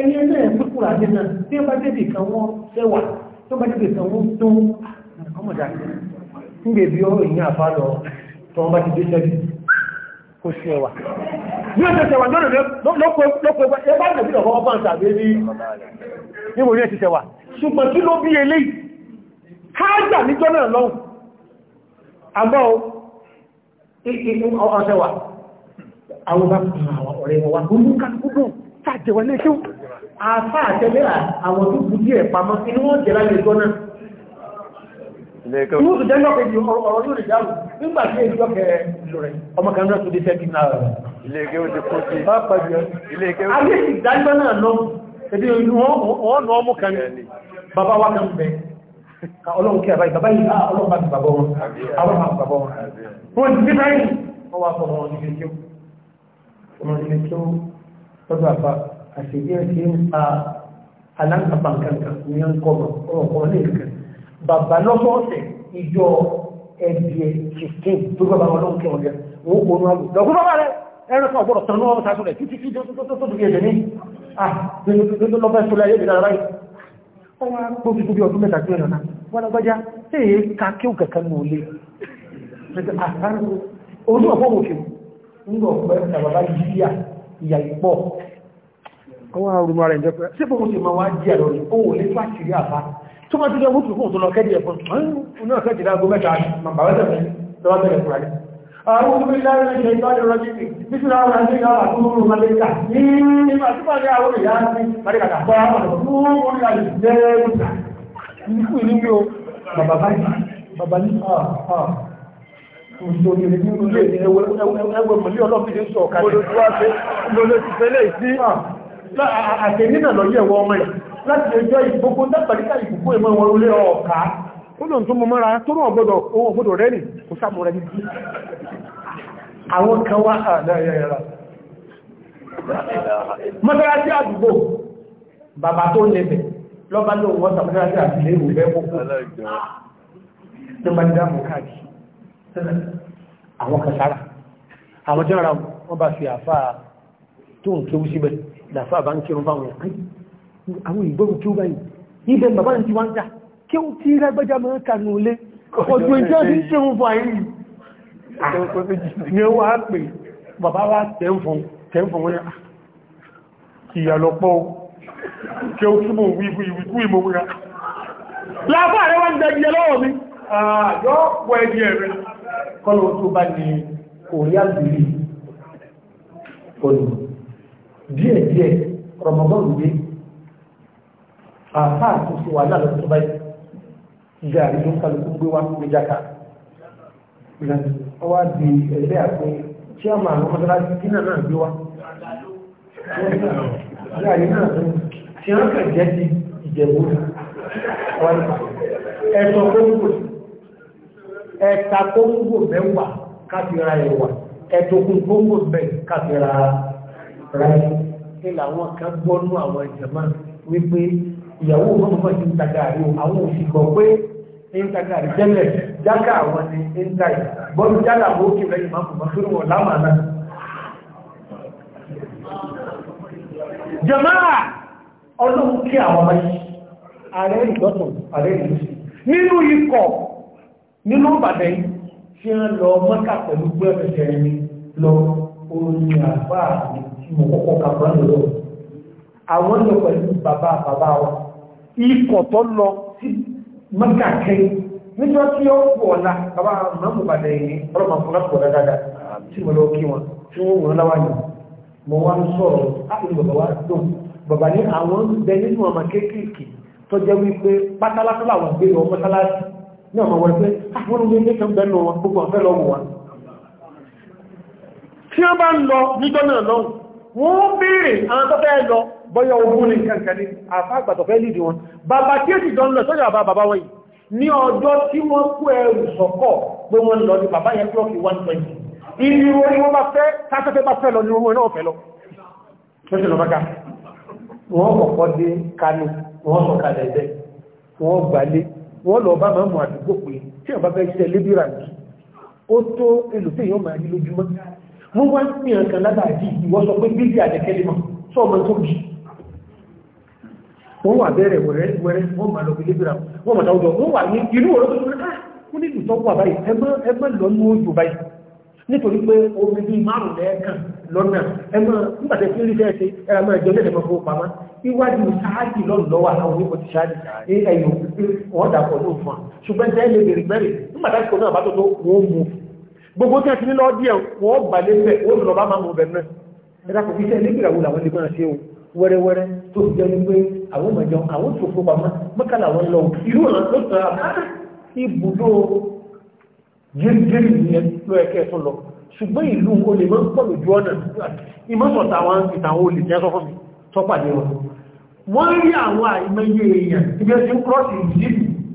[SPEAKER 2] ẹni ẹgbẹ́ ẹ̀fúnkúrà nínú tí ó bá débi kan wọ́n sẹ́wà tó bá débi kan wọ́n tó ọmọdé ń gbé bí ọ̀rọ̀ ìyìn àfáàlọ tó wọ́n bá ti dé sẹ́bí kó sí ẹwà ó tẹ́ sẹ́wà lọ́nà lọ́pọ̀ ẹgbẹ́ àwọn ọ̀rẹ́ wọn wà àfá àtẹ́lẹ́ra àwọn tó kú díẹ̀ pamọ́ inú wọ́n jẹ́ lálẹ́ ìgbọ́ náà yóò jẹ́ lọ́kẹ̀ẹ́jì ọ̀rọ̀ yóò lè dáhùn nígbà tí èyí lọ́kẹ̀ lò rẹ̀ ọmọ kan náà tó dé sẹ́kì náà rẹ̀ ilé ike ó ti kó sí ilé ike ó ti kó sí ìdájọ́ náà lọ ẹbí ọ̀nà ọmọ kan bàbá wa kan bẹ ọlọ́run kí àbáyé bàbá yìí ah, ọlọ́run bá ti bàbá wọn àwọn bá bàbá àti bí wọ́n ti ń pa aláǹkàpà kankan ní ọkọ̀ ọ̀rọ̀kọ̀ ní kankan bàbá lọ́sọ̀ọ̀sẹ̀ ìjọ ẹ̀bìẹ̀ fifteen tó gbọ́dọ̀ àwọn ọlọ́run kí wọ́n jẹ wọ́n kò nú àgùn lọ́gbọ́n bàbá rẹ̀ ẹ̀rọ kan ọ̀gbọ́dọ̀ tán lọ́wọ́ sásùn rẹ̀ títí tí tó dùn ẹ̀jẹ̀ ní ah lọ́fẹ́ sọlẹ̀ ayé ìdára báyìí wọ́n wá tó fi tóbi ọdún mẹ́ta tí ó nà wọ́n lọ́gbọ́já tí èyí ka kí ó kẹ̀kẹ́ nù lé ojú ọ̀pọ̀ òkè ń gbọ̀ pẹ́ àwọn arúgbó rẹ̀ jẹ́ pẹ́ sípò mo sì máa wá jí àlọ́ ní òun lè fàṣírí àbá tó bá tó jẹ́ mútu fún òtún lọ kẹ́dì ẹ̀fọn náà kẹ́dì lágó mẹ́ta màbàwẹ́sẹ̀ mi lọ́wọ́ bẹ̀rẹ̀ fúra ní. àwọn ọmọ ilé ayé ṣe ìbáde ọ̀rọ̀ jíjì bí sí láwọn àti ìyá àwọn ọmọ mẹ́lẹ́kà ní ìgbà tí wọ́n ní àwọn ìyá ní mẹ́lẹ́kà bá wọn o bàbá báyìí ti fẹ́lẹ̀ sí àtẹ̀nínà lọ yẹ̀ wọ ọmọ ẹ̀ láti ẹjọ́ ìgbogbo dápàdíkà ìgbogbo ìmọ̀ wọn olé ọ̀ká ó lòun tó mọ mọ́ra tó rán ọgbọ́dọ̀ ohun ọgbọ́dọ̀ rẹ̀ nì kò sáàmùrẹ́ ní bí àwọn kan wá àdáyẹ̀yẹ̀ra mọ́sálásí àdúgbò bàbá tó lẹ́bẹ̀ lọ́bá lóun wọ́n sàmọ́sálásí àdúgbò ìwòbẹ́ púpọ̀ tó bá dámù káàkiri àwọn kan sára àwọn jẹ́ làfà bá ń kírun fáwọn ẹ̀kọ́ àwọn ìgbóhùn kí ó báyìí ibẹ̀ bàbá ti wá ń jà kí ó tí lágbájá mọ́ kanú ilé ọdún ìjọ́ sí kírun fún àyíyí ni ó wá pè bàbá wá tẹ́ǹfọ̀n wọ́n kí ah, ìyàlọ́pọ̀ kí ó túnmọ̀ ìwìkú ìmọ̀ wúra láfà rẹ̀ wá ń gbẹ̀ ìyẹ lọ́wọ́ mi àjọ́ pọ̀ ẹ̀dì ẹ̀rẹ́ kọ́lọ̀ tó bá ní kò rí àgbèrè díẹ̀díẹ̀ rọmọdọ́nù dé àfáà tó ṣe wà náà lọ́tọ́ báyìí ìjà àrídó kálukú gbé wá ní jáka ọwá di ẹgbẹ́ àpé tí a máa rọmọdọ́ láti dínà náà gbé wá tí a kà jẹ́ ti ìjẹ̀bú ẹ̀tọ́ kóńgò ẹ̀ta kóńgò mẹ́wàá káfíra ẹ̀wà ẹ̀tọ́ kóńgò mẹ́wàá káfíra ẹ̀wà rẹ̀ kí làwọn kan gbọ́nú àwọn ìjọba wípé ìyàwó mọ́mọ́ ti ń ta gààrí o àwọn òsì gbọ́ pé ń ta gààrí tẹ́lẹ̀ jágà àwọn ni ń ta yìí bọ́ọ̀lù jágà àwọn òkè rẹ̀ ìmọ̀ àkùnmọ́ fún wọn lámàánà. jàmáà ọlọ́run kí àwọn ọmọ yìí ààrẹ ìdọ́tún ààrẹ ìlúsì nínú ikọ̀ nínú ìbàdàn yìí tí wọ́n lọ mọ́kà pẹ̀lú gbẹ́ẹ̀fẹ̀ẹ́ lọ orin àbáà mi tí mo kọ́kọ́ kà fún ẹ̀rọ àwọn lọ pẹ̀lú bàbá bàbá wa ikọ̀ tó lọ sí mẹ́kà kẹ́yìn nígbà tí ó pọ̀ ọ̀la bàbá mọ́mú bàdà yìí ọlọ́mọ fún lápò dáadáa tí mo lọ kí wọn tí wọ́n wọ́n láwà ní mo wá ń sọ̀rọ̀ láti bàbá wa dùn bàbá ní àwọn bẹ nínú ọmọ kéékèèké tó jẹ́ wípé pátálátó làwọn gbé lọ mọ́tálásí ní ọmọ wọn pé àwọn ah, ọmọ ilé kan bẹ́ẹ̀ lọ wọn gbogbo ọ̀fẹ́ lọ wọn tí wọ́n bá ń lọ níjọ́ náà lọ́wọ́ wọ́n bèèrè àwọn tó fẹ́ lọ bọ́yọ̀ ogun ní kankan ní àfáàgbàtọ̀fẹ́ lìdí wọn bàbá tí èsì jọ ń lọ sọ́jọ́ àbá bàbá wọ́n yìí ní ọjọ́ tí wọ́n kú ẹrù sọ́kọ̀ pé wọ́n lọ ní bàbá yẹn klọ́kì 120 ìlú orí wọ́n bá fẹ́ tásẹ́fẹ́ bá fẹ́ lọ ní orú náà fẹ́ lọ wọ́n kọ̀kọ́ dé Kánò wọ́n sọ kalẹ̀ ẹ̀dẹ́ wọ́n gbalé wọ́n lọ bá máa mọ̀ àdúgbò pé tí wọ́n bá fẹ́ ṣẹlébìrà ní ó tó elùfẹ́ yóò máa rí lójúmọ́ wọ́n wá ń pè hàn kan látàrí ìwọ́n sọ pé bíbí àjẹkẹ́lẹ́ mọ̀ sọ ọmọ tó bì wọ́n wà bẹ̀rẹ̀ wẹ̀rẹ̀ wọ́n máa lọ fi lébìrà wọ́n máa dáwọ́jọ́ wọ́n wà ní inú ọ̀rọ̀ tó sọ́rọ̀ ah wọ́n ní ìlútọ́ wà báyìí ẹgbẹ́ lọ́nà ojú báyìí nítorí pé omi bí márùn lẹ́ẹ̀kan lọ́nà ẹgbẹ́ nígbàtẹ́ fi ń ríṣẹ́ ṣe ẹra máa jẹ́ lẹ́ẹ̀mọ́ fún pamá iwájú sáájì lọ́nlọ́wà àwọn oníkọ̀ ti sáájì ẹ̀yọ̀ ọ̀dà pọ̀ ló fún wa ṣùgbọ́n tẹ́lẹ̀ bèrè bẹ́rẹ̀ nígbàtà gbogbo tí a ti ní lọ́ọ́ díẹ̀ wọ́n bà lé fẹ́ ó lọ́ọ́ bá máa mú bẹ̀rẹ̀ ẹ̀dá kò fi iṣẹ́ ilé ìgbìyàwó làwọn lè máa ṣe o wẹ́rẹ́wẹ́rẹ́ tó fi jẹ́ wípé àwọn mọ̀jọ àwọn tó fún pamọ́ mọ́kà làwọn lọ ìlú ọ̀nà tó sọ ah! ibùdó gírígírí yẹn lọ ẹ̀kẹ́ tó lọ ṣùgbọ́n ìlú o lè máa ń pọ̀ lójú ọ̀nà ìmọ̀sọ̀tà àwọn ìtàwọn olè jẹ́ sọ fún mi tọ́pàdé wọn wọ́n rí àwọn àìmọye èèyàn ibi ẹ̀sìn kírọ́sì ìjì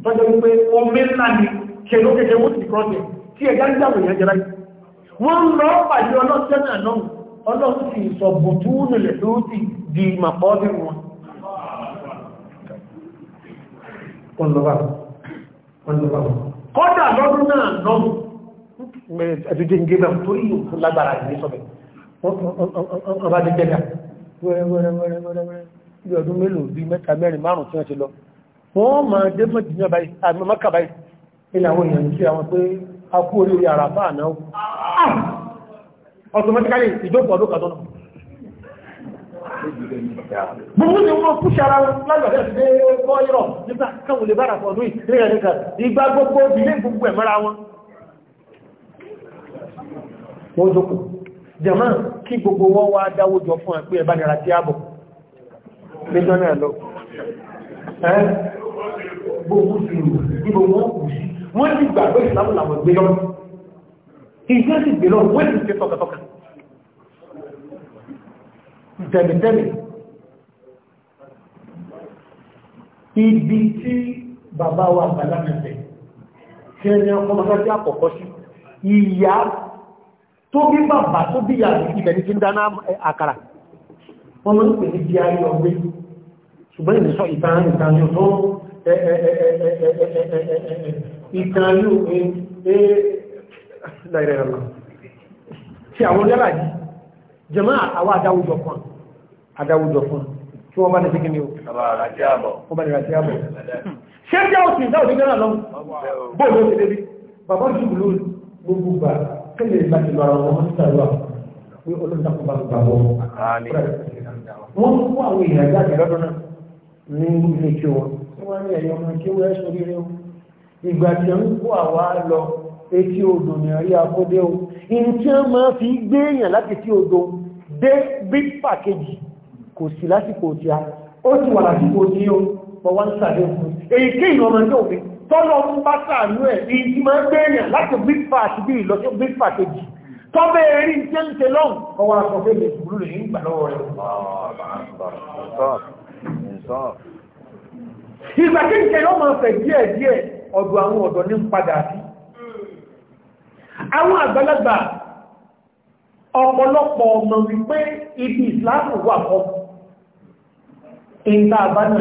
[SPEAKER 2] tọ́jọ́ wípé omi ńlá ni kẹlókẹkẹ wọ́n ti kírọ́sì tí ẹ̀dá ń dáwọn ìyá jẹ́ráyé wọ́n ń lọ pàdé ọlọ́sẹ́nà náà ọlọ́sùn ti sọ bùtúùnù lẹ̀ tó ti di màpọ́bí wọn kọ́dà lọ́dún náà náà ẹ̀tùjẹ́ ń gẹ́gbẹ̀ tó yíò fún lágbàrà ìgbé sọ́bẹ̀ ọba jẹ́ jẹ́gà wẹ́rẹ́wẹ́rẹ́wẹ́rẹ́ bí ọdún mélòó bí mẹ́ta mẹ́rin márùn tí wọ́n ti lọ wọ́n máa dé mọ́ akú oríire àràfà náà ah! automatically ìjókòó ọdún kàtọ́nà gbogbo ni wọ́n kú ṣara lágbàdẹ́ sí ẹgbọ́ ìrọ̀ nígbà káwọn lè bára fọ́dún ìrìnlẹ̀ nìkan ìgbà gbogbo ilé gbogbo ẹ̀mọ́ra wọn wọ́n jókòó jẹ̀mọ́ kí gbogbo wọ́n wá dáwó jọ fún àpé ẹ̀bá nira tí ààbò lẹ́jọ́ náà lọ gbogbo sí wọ́n ti gbàgbé ìsìlámù làwọn gbé lọ ìgbé sì gbé lọ wọ́n ti ṣe tọkàtọkà tẹ̀mìtẹ̀mì ibi tí bàbá wa àgbàlámẹ̀fẹ̀ tí ẹni ọkọ̀ mọ́sájí àkọ́kọ́ sí ìyá tó bí bàbá tó bí ìyá ibẹ̀ ní ti ń dáná àkàrà wọ́n mọ́ ń pè ní bí ayé ọgbẹ́ ṣùgbọ́n ìrìnṣọ́ ìtàn ìtàn yóò ìtàn yóò pé láìrẹ̀rẹ̀ lọ tí àwọn olóyàrá yìí jẹmọ́ àwọn adáwùjọ kan adáwùjọ kan tí wọ́n bá ní síkí ni ó wọ́n bá ní ràtí àbọ̀ ṣe jẹ́ òsì ìdá òsì gẹ́rà lọ́wọ́ bóòlù ó ti débi bàbá jùlọ gbogbo gbà kílẹ̀ láti lọ ara wọn ní sàrúwà pé olóòtàkùn bá gbà wọ́n mú àwọn ìrìnàjò àti lọ́dún ní ilé kí wọn wọ́n ní ẹ̀yọ́ ọmọ kí wọ́n ẹ́ sórí rẹ̀ ìgbà tí ó ń kó àwa lọ etí odò ní àrí akódé o in tí ó máa fi gbé èèyàn láti tí odò dé big package kò sí lásìkò tí a ó ti wà lásìkò tí ó pọ̀ wá ń sàdé òkú èyíké ìrọmọ ní òfin tọ́lọ ń bá sàánú ẹ̀ ní tí máa gbé èèyàn láti big package bí ìlọ big package tọ́bẹ̀ rí tí ń tẹ lọ́n ọwọ́ akọ̀fẹ́ lè ṣùgbùrú lè ń gbà lọ́wọ́ rẹ̀ ìgbà tí ń tẹ lọ́ máa fẹ̀ díẹ̀ díẹ̀ ọ̀dọ̀ àwọn ni ní padà sí àwọn àgbàlagbà ọ̀pọ̀lọpọ̀ ọmọ wípé ibi ìsìláàmù wà kọ́ ìta àbánà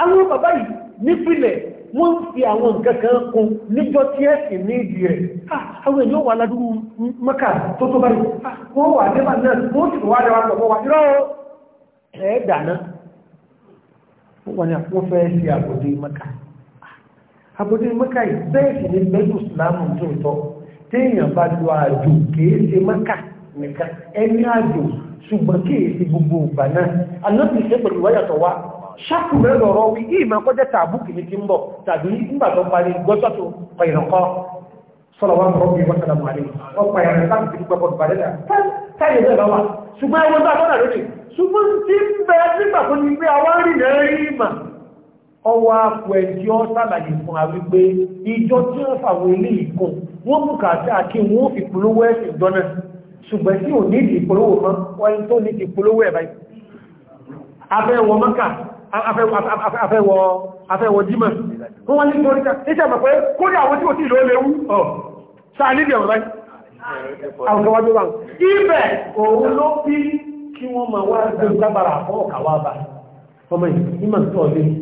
[SPEAKER 2] àwọn bàbá yìí nípìnlẹ̀ wọ́n ń fi àwọn nǹkan kan kún níjọ́ tí ẹ̀sìn ní ìdí rẹ̀ àwọn èèyàn wà ládúrú mẹ́kà tó tó báyìí wọ́n wà àbòdí mẹ́kà ìbẹ́ẹ̀sì ní bẹ́ẹ̀lú ìsìlámù tó tọ́ téèyàn bá lọ àjò kìí ṣe mẹ́kà nìkan ẹni àjò ṣùgbọ́n kìí ṣe gbogbo ìgbà náà anábì ṣe pẹ̀lú wáyàtọ̀ wá ṣáàkù rẹ̀ lọ́rọ́ wí ìmọ̀ kọjá tààbù kìí ti ń bọ̀ tàbí nígbà tó parí gọ́tọ̀ tó pẹ̀lọ́kọ́ sọlọ́wọ́n rọ́bì wọ́sàlámù àlè ọ̀pọ̀ ẹ̀rẹ̀ sáà ti dúpẹ́ bọ̀dù bàdẹ́dà táyé bẹ́ẹ̀ lọ́wọ́ ṣùgbọ́n ẹwọ́n tó àtọ́nà lónìí ṣùgbọ́n tí ń bẹ nígbà tó ní pé àwọn arìnrìn rí mà ọwọ́ àpò ẹ̀dí ọ́ sàlàyé fún a wípé ìjọ tí wọ́n fàwọn ilé ìkùn wọ́n mú kàtà kí wọ́n fi polówó ẹ̀sìn jọ́nà ṣùgbọ́n tí ò ní ìdí polówó mọ́ wọ́n tó ní ti polówó ẹ̀ báyìí afẹ́wọ̀ mọ́kà afẹ́wọ̀ dímọ̀ wọ́n wọ́n ní torí ká ní sẹ́mọ̀ pé kó ní àwọn tí ò sí ìlú léwu ọ̀ sáà níbi ọ̀rọ̀ báyìí àwọn kan wájú wa ibẹ̀ òun ló bí kí wọ́n máa wá gbẹ̀rù lágbára àfọ́ ọ̀kà wá bá ọmọ yìí ní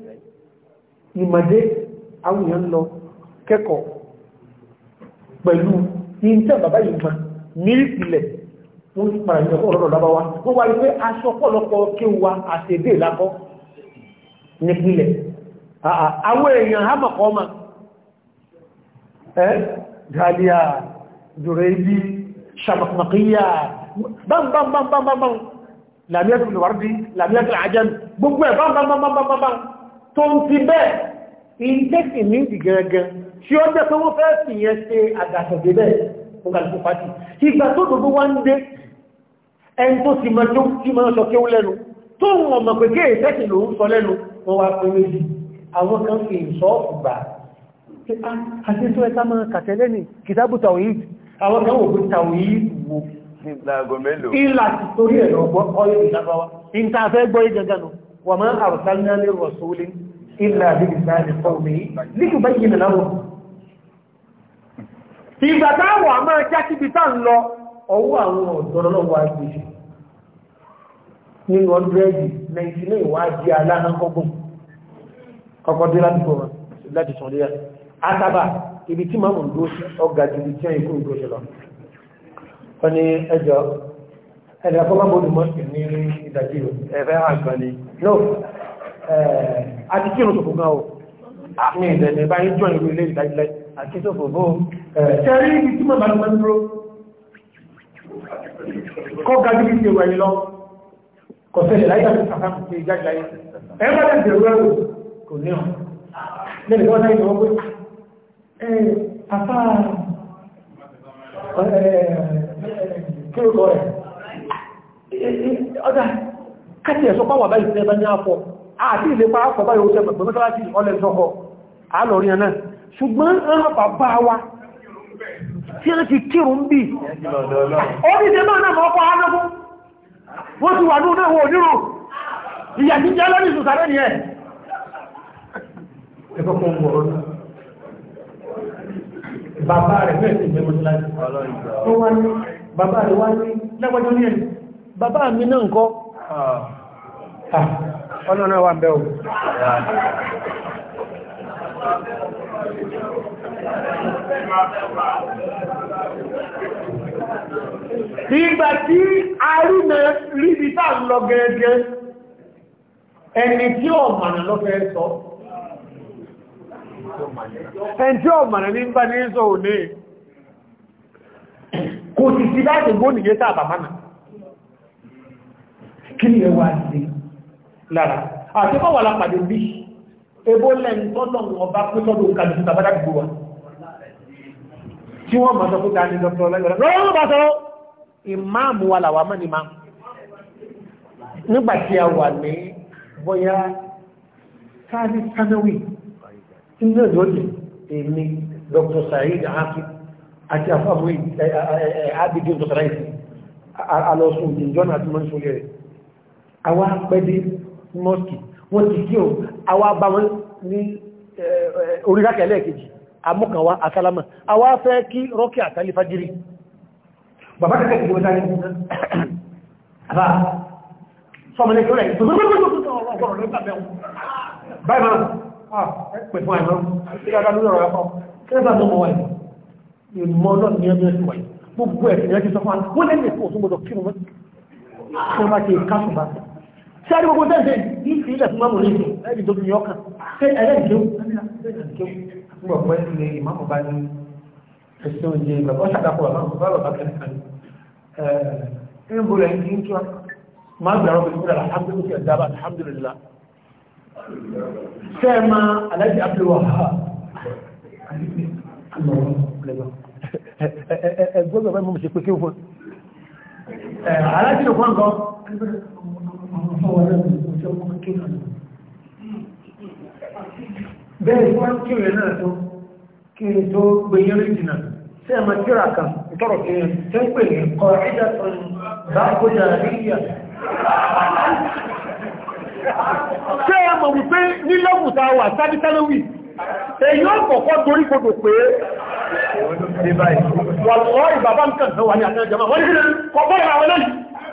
[SPEAKER 2] ìmọ̀dé àwọn èèyàn lọ kẹ́kọ̀ọ́ pẹ̀lú ìntẹ́ bàbá yìí gbọ́n ní ìpìlẹ̀ wọ́n ti pàrà ìjọ ọ̀rọ̀ lọ́bá wa wọ́n wá wípé aṣọ pọ̀lọpọ̀ kí wa àtẹ̀dé lákọ́ nípìlẹ̀ àwọn èèyàn ha mọ̀kọ́ ma ẹ́ dàlíà dùrẹ́bí sàmàkìyà bámbámbámbámbám làmíyàtù lùwárdí làmíyàtù àjẹ́m gbogbo ẹ̀ bámbámbámbámbám tó ń ti bẹ́ẹ̀ ìjẹ́sì ní ìdì gẹ́gẹ́ tí ó jẹ́ tó wọ́n fẹ́ sì yẹn ṣe àgàtọ̀dé bẹ́ẹ̀ fúnkàlùkù pàtì ìgbà tó gbogbo wá ń dé ẹni tó ti mọ́ tó ti mọ́ sọ kéwú lẹ́nu tó wọ́n mọ̀ pé kí ìjẹ́sì ló ń sọ lẹ́nu wọ́n wá pé méjì àwọn kan fi ìṣọ́ ọ̀gbà ah, àti tó ẹta máa kàtẹ́lẹ́ ní kìtàbù tàwíì وما أرسلنا من رسول إلا بلسان قومه ليبين لهم ìgbà táwọn àmá jákí bí tá ń lọ ọwọ́ àwọn ọ̀dọ́rọ̀ lọ́wọ́ agbèjì nínú ọdúnrẹ́dì nàìjíríà ìwádìí aláhàkọ́gbọ̀n kọkọdé láti fọ́nà láti sọ léyà àtàbà ibi tí máa mọ̀ ń dúró sí ọgá jù ẹ̀dẹ̀ fọ́lábọ̀dùmọ́ ní ìdàjí ẹ̀fẹ́ àgbàlẹ̀ no àti kí o sọ̀fún náà àmì ìdẹ̀lẹ̀ bá yíjọ́ ìlú ilé ìdájílẹ̀ àti sọ̀fún bó ṣẹ́rí ibi tí mọ̀ bá lọ́mọ́ dúró kọ́ gajú bí ti wà ní lọ kọ̀ sẹ́lẹ̀ láyé àti sàfàkù ti ìjájíláyé ẹ̀rọ láti ẹ̀rọ ẹ̀rọ kò ní ọ̀ lẹ́nu kọ́ láyé lọ́wọ́ pé ẹ̀ àfáà kí ó kọ́ ẹ̀ ọjà káti ẹ̀sọ́ pàwà báyìí tẹ́ bá ní àpọ̀ àti ilé pàápọ̀ báyìí oṣẹ́ mẹ́gbẹ̀ mẹ́sàlájì ọlẹ́ ìṣọ́kọ̀ àlọ́rí ẹ̀nà ṣùgbọ́n ẹ̀rọ bàbá wa tí a ti kírùn bí oníṣẹ́ náà náà mọ́kọ́ alógún wọ́n ti wà ní onáwó onírò ìyà ẹ̀ bàbá mi náà kọ́ ah. ah. ọ̀nà náà wà bẹ́ẹ̀ o ìgbà tí a rí mẹ́ ríbi tá ń lọ gẹ́gẹ́ ẹni tí ó mànà lọ́fẹ́ sọ ẹni tí ó mànà ní bá ní sọ òní kò sì sí láti gbónìyẹ tàbà mánà kí ni ẹwà sí lára àti bọ́ wà lápàdé bí ebó lẹ́ntọ́lọ̀ ọba pẹ́tọ́lọ̀ kàlùsù tàbádà gbò wà tí wọ́n mọ̀ sọpọ̀ tàbí dr lẹ́gbẹ̀rẹ̀ lọ́wọ́ bá sọ́rọ̀ ìmáàmù wà làwà mọ́ ni máa nígbàtí a wà ní bóyá sáàrí sanawi inú ìjọ́jì èmi dr saheed hafi àti àfáàmù àbíjú dr saheed alọ́sùn ìjọ́nà àti mọ́ àwa pẹ́dé mọ́sùkì wọ́n ti kí o àwa bá wọn ní orírákẹ̀lẹ́ kejì amúkànwá asálámà àwa fẹ́ kí rọ́kì àtàlì fàjírí bàbá kẹ́kẹ́ ti gbọ́ta ní àbá sọmọlẹ́ tó rẹ̀ gbogbo ẹ̀sìn ẹ̀sìn sọ fún àwọn wọ́n lẹ́yìn ìfún òtún gbọdọ̀ kírùn-ún tí wọ́n bá ti káṣùn bá sọ sáré gbogbo tẹ́sẹ̀ yìí fi ilẹ̀ fún mọ́mù ní ìsìn lẹ́yìn tó fi yọ ọkàn ṣé ẹlẹ́dìkéwù nígbà pẹ́ ilé ìmáàmù bá ní ẹ̀sìn òjì bàbá ṣàdàpọ̀ bàbá bàbá kẹ́kẹ́ ẹ̀ ń bọ̀rọ̀ ẹni kí wọ́n máa gbà rọ́bì nígbà alhamdulillah dábà alhamdulillah
[SPEAKER 1] ṣe ma alájì abdulwa ha
[SPEAKER 2] ẹgbẹ́ bàbá mọ̀ pé kí wọ́n
[SPEAKER 1] alájì ló fọ́n gan
[SPEAKER 2] àwọn fọwọ́ rẹ̀ mi kò jẹ́ ọmọ kékeré náà bẹ́ẹ̀ tí wọ́n kí rẹ̀ náà tó kí n tó gbé yẹ́rì jìnà sí ẹ̀mà kíra kan ìtọ́rọ̀ kí n tẹ́ ń pè ní kọ ìdá tó ń bá kódà èyí ó kọ̀kọ́ torí kodò pé wọ́n ìbàbá ń kàn náà wà ní àtẹ́jọba wọ́n ní kí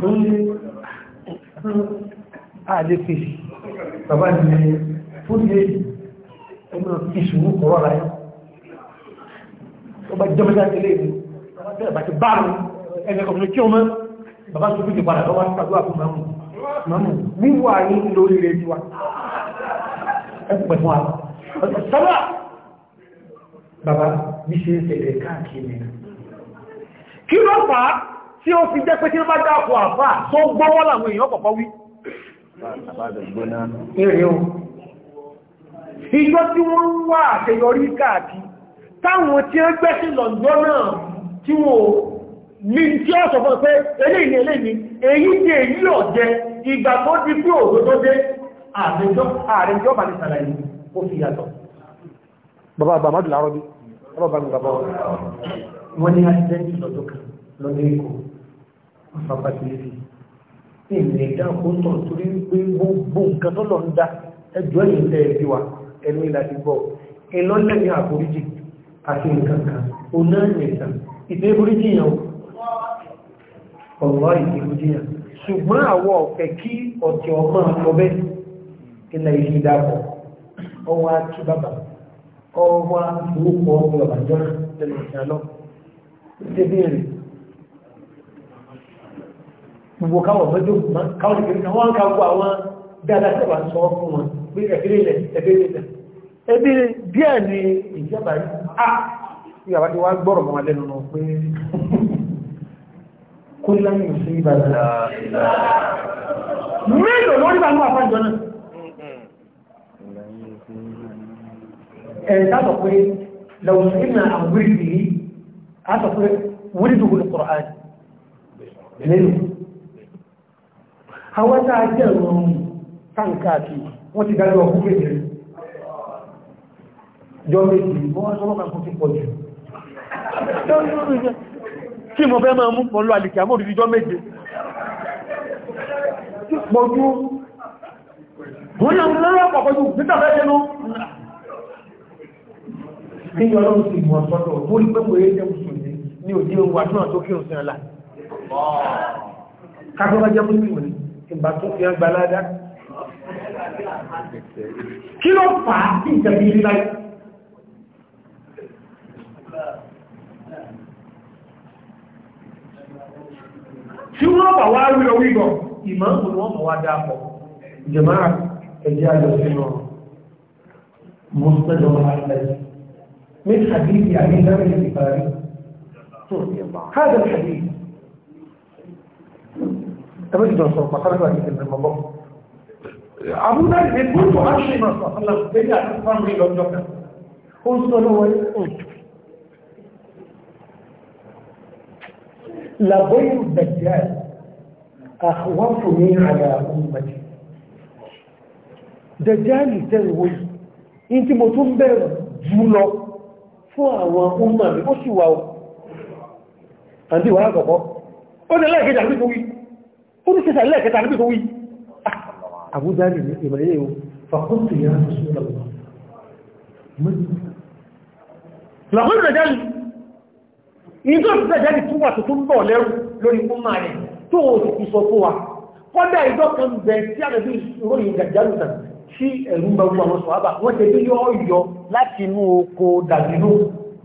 [SPEAKER 2] tó ń lé ààlé fèsì bàbá ni tó lé ẹgbẹ́ ìṣòwò kọ̀rọ̀ láyé ó bá jẹ́mọ́já ilé ìlú bá ti bá rú ẹgbẹ́ ọmọ kí ọmọ bàbá tó fìdí padà lọ́wọ́ sàdúwà fún mamu mamu wíwà ní lórí rẹ̀ jùwa ẹgbẹ̀ fún tí ó fi jẹ́ pé tí ó bá dáàkù àfà tó gbọ́wọ́ làwọn èèyàn kọ̀kọ́ wí. ìjọ tí wọ́n ń wà àṣeyọrí káàkiri táwọn tí ó gbẹ́sí lọ́jọ́ náà tí wọ́n ní tí ó sọ fún pé eléyìí ni eléyìí èyí tí èyí ò jẹ ìgbà tó di pé òjò tó dé ààrẹ ìjọba ní sàlàyé ó fi yàtọ̀ bàbá àbàmọ́dù lárọ́bí bàbá àbàmọ́dù lárọ́bí wọ́n ní àṣìṣẹ́ àfàbàtìlẹ́sì ìlú ẹ̀dá kótó torí pé gbogbo nǹkan tó lọ ń dá ẹjọ́ ẹ̀yìn tẹ́ ẹbí wa ẹnu ìlàdí bọ́ ìlọ́lẹ́mí àforíjì àti nǹkan kan oná nìkan ìdé oríjì yàn ọ̀rọ̀ ìdé oríjì yàn ṣùgbọ́n àwọ̀ ọ̀fẹ́ kí ọ̀tẹ̀ ọmọ ọbẹ̀ ilẹ̀ ìṣẹ́ ìdàpọ̀ ọwọ́ àti bàbá ọwọ́ àti orúkọ ọgbọ̀ àbájọ́ lẹ́nu ìṣẹ́ lọ gbogbo káwọ̀ mẹ́jọ káwọ̀ ìgbèrè náà wọ́n káwọ́ àwọn dáadáa tí wà ń sọ fún wọn pé ẹ̀fẹ́lẹ̀ ilẹ̀ ẹ̀fẹ́lẹ̀ ilẹ̀ ẹbí díẹ̀ ni ìjọba yìí á ìyàwó tí wá gbọ́rọ̀ mọ́ lẹ́nu náà pé kó láyìn sí ìbàdà mélòó lórí bá ń wà fájọ àwọn tá a jẹ́ ìrọ̀rùn táǹkà àti wọ́n ti dájọ́ ọkùn kéde jọ méjì wọ́n sọ́rọ̀ kan kó ti pọ̀ jù kí mo fẹ́ máa mú pọ̀lú àlìkì àmọ́ òdìdí jọ méje pọ̀jú wọ́n náà mú lọ́rọ̀ pọ̀ pọ̀jú nítàfẹ́ jẹ́nu kí yọ lọ́rùn sí ìmọ̀ sọ́dọ̀ mú rí pé mo rí jẹ́ mùsùlùmí ní òdí ohun àtúnà tó kírùn sí ọlá káfẹ́ bá jẹ́ mùsùlùmí ìgbà tó fi ẹgbà ládá kí ló fà á sí ìjẹ̀bí ilé láì tí wọ́n bà wá rí orí gọ ìmọ̀ òun wọ́n bà wá dápọ̀ jẹ̀mọ́ ẹjẹ́ àjọ sínú mọ́sílẹ̀dọ̀ aláìsí من حديث ẹgbẹ́ ìjọ sọ̀rọ̀ pàtàkì àti ìpínlẹ̀ mọ́bọ́ àbúdá ìgbé gbogbo aṣọ ìmọ̀ sọ̀tàlá lórí àti fámìlì lọ́jọ́ kan ó ń sọ lọ́wọ́ لبيت الدجال أخوفني على أمتي دجال تنوي انت متنبر جولو فهو أمامي أشي واو عندي وراء قبو قلت لا كده عمي oníṣẹ́sà ilẹ̀-ẹ̀kẹta níbi tó wí àbújá ní ìmọ̀lẹ́ o fàkóntù yà rọ̀sùlọ́wọ́ lọ́kùnrin dàjálì ìjọ́ dàjálì tún wà tuntun bọ̀ lẹ́rù lórí kúmà rẹ̀ tó o ti sọ fún wa kọ́dá ìjọ́ kan bẹ̀ sí àgbẹ̀bí ìròyìn dàjálì tàn sí ẹ̀rù bá wọn sọ àbà wọ́n ṣe bí yọ́ yọ láti inú oko dàbínú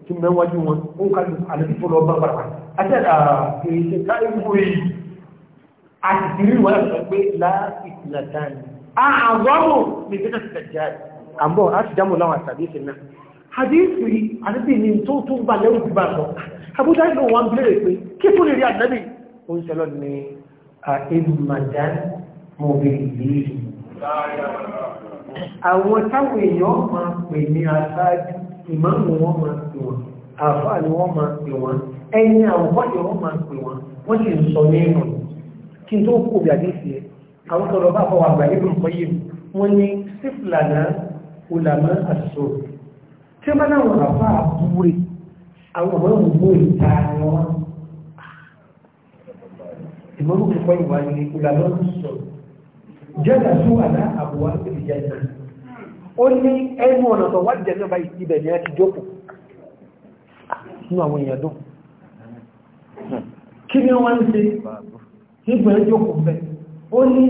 [SPEAKER 2] tí mẹ́wájú wọn ó kájú àlejò tó lọ bá pàrà àti ẹ̀dà kìí ṣe ká àti ìrírí wà lọ pé láàpìtìlátàn àwọ́mù ní pẹ́tà ti tàjáde àbọ̀ láti dámù láwọn àtàdíṣì náà àdíṣì àdíṣì ni tó tó bá lẹ́rù ti bá lọ àbújá ìlú wọn bèèrè pé kí tó lè rí àdábì ó ń sẹlọ ní àìmàdán mọ̀bìlì àwọn táwọn èèyàn máa pè ní aṣáájú ìmáàmù wọn máa pè wọn àfáà ni wọn máa pè wọn ẹni àwọn bọ́ọ̀dì wọn máa pè wọn wọ́n sì ń sọ ní ìrùn kí n tó kó bí àdéhìsì ẹ àwọn tó lọ bá fọwọ́ àgbà nínú nǹkan yìí wọ́n ní sífìlànà olàmọ àṣọ tí wọ́n náà wọ́n àfa àbúrè àwọn ọmọ òwò ìta ni wọ́n ìmọ̀lú kíkọ́ ìwà ni olàmọ àṣọ jẹ́nà tó wà ní àbúwá ìrìjẹ́ ìjẹ́ ó ní ẹnu ọ̀nà tó wá jẹ́ náà ibẹ̀ ni a ti jókòó nínú àwọn èèyàn dùn kí ni wọ́n ń ṣe nígbà ẹjọ́ kò fẹ́ ó ní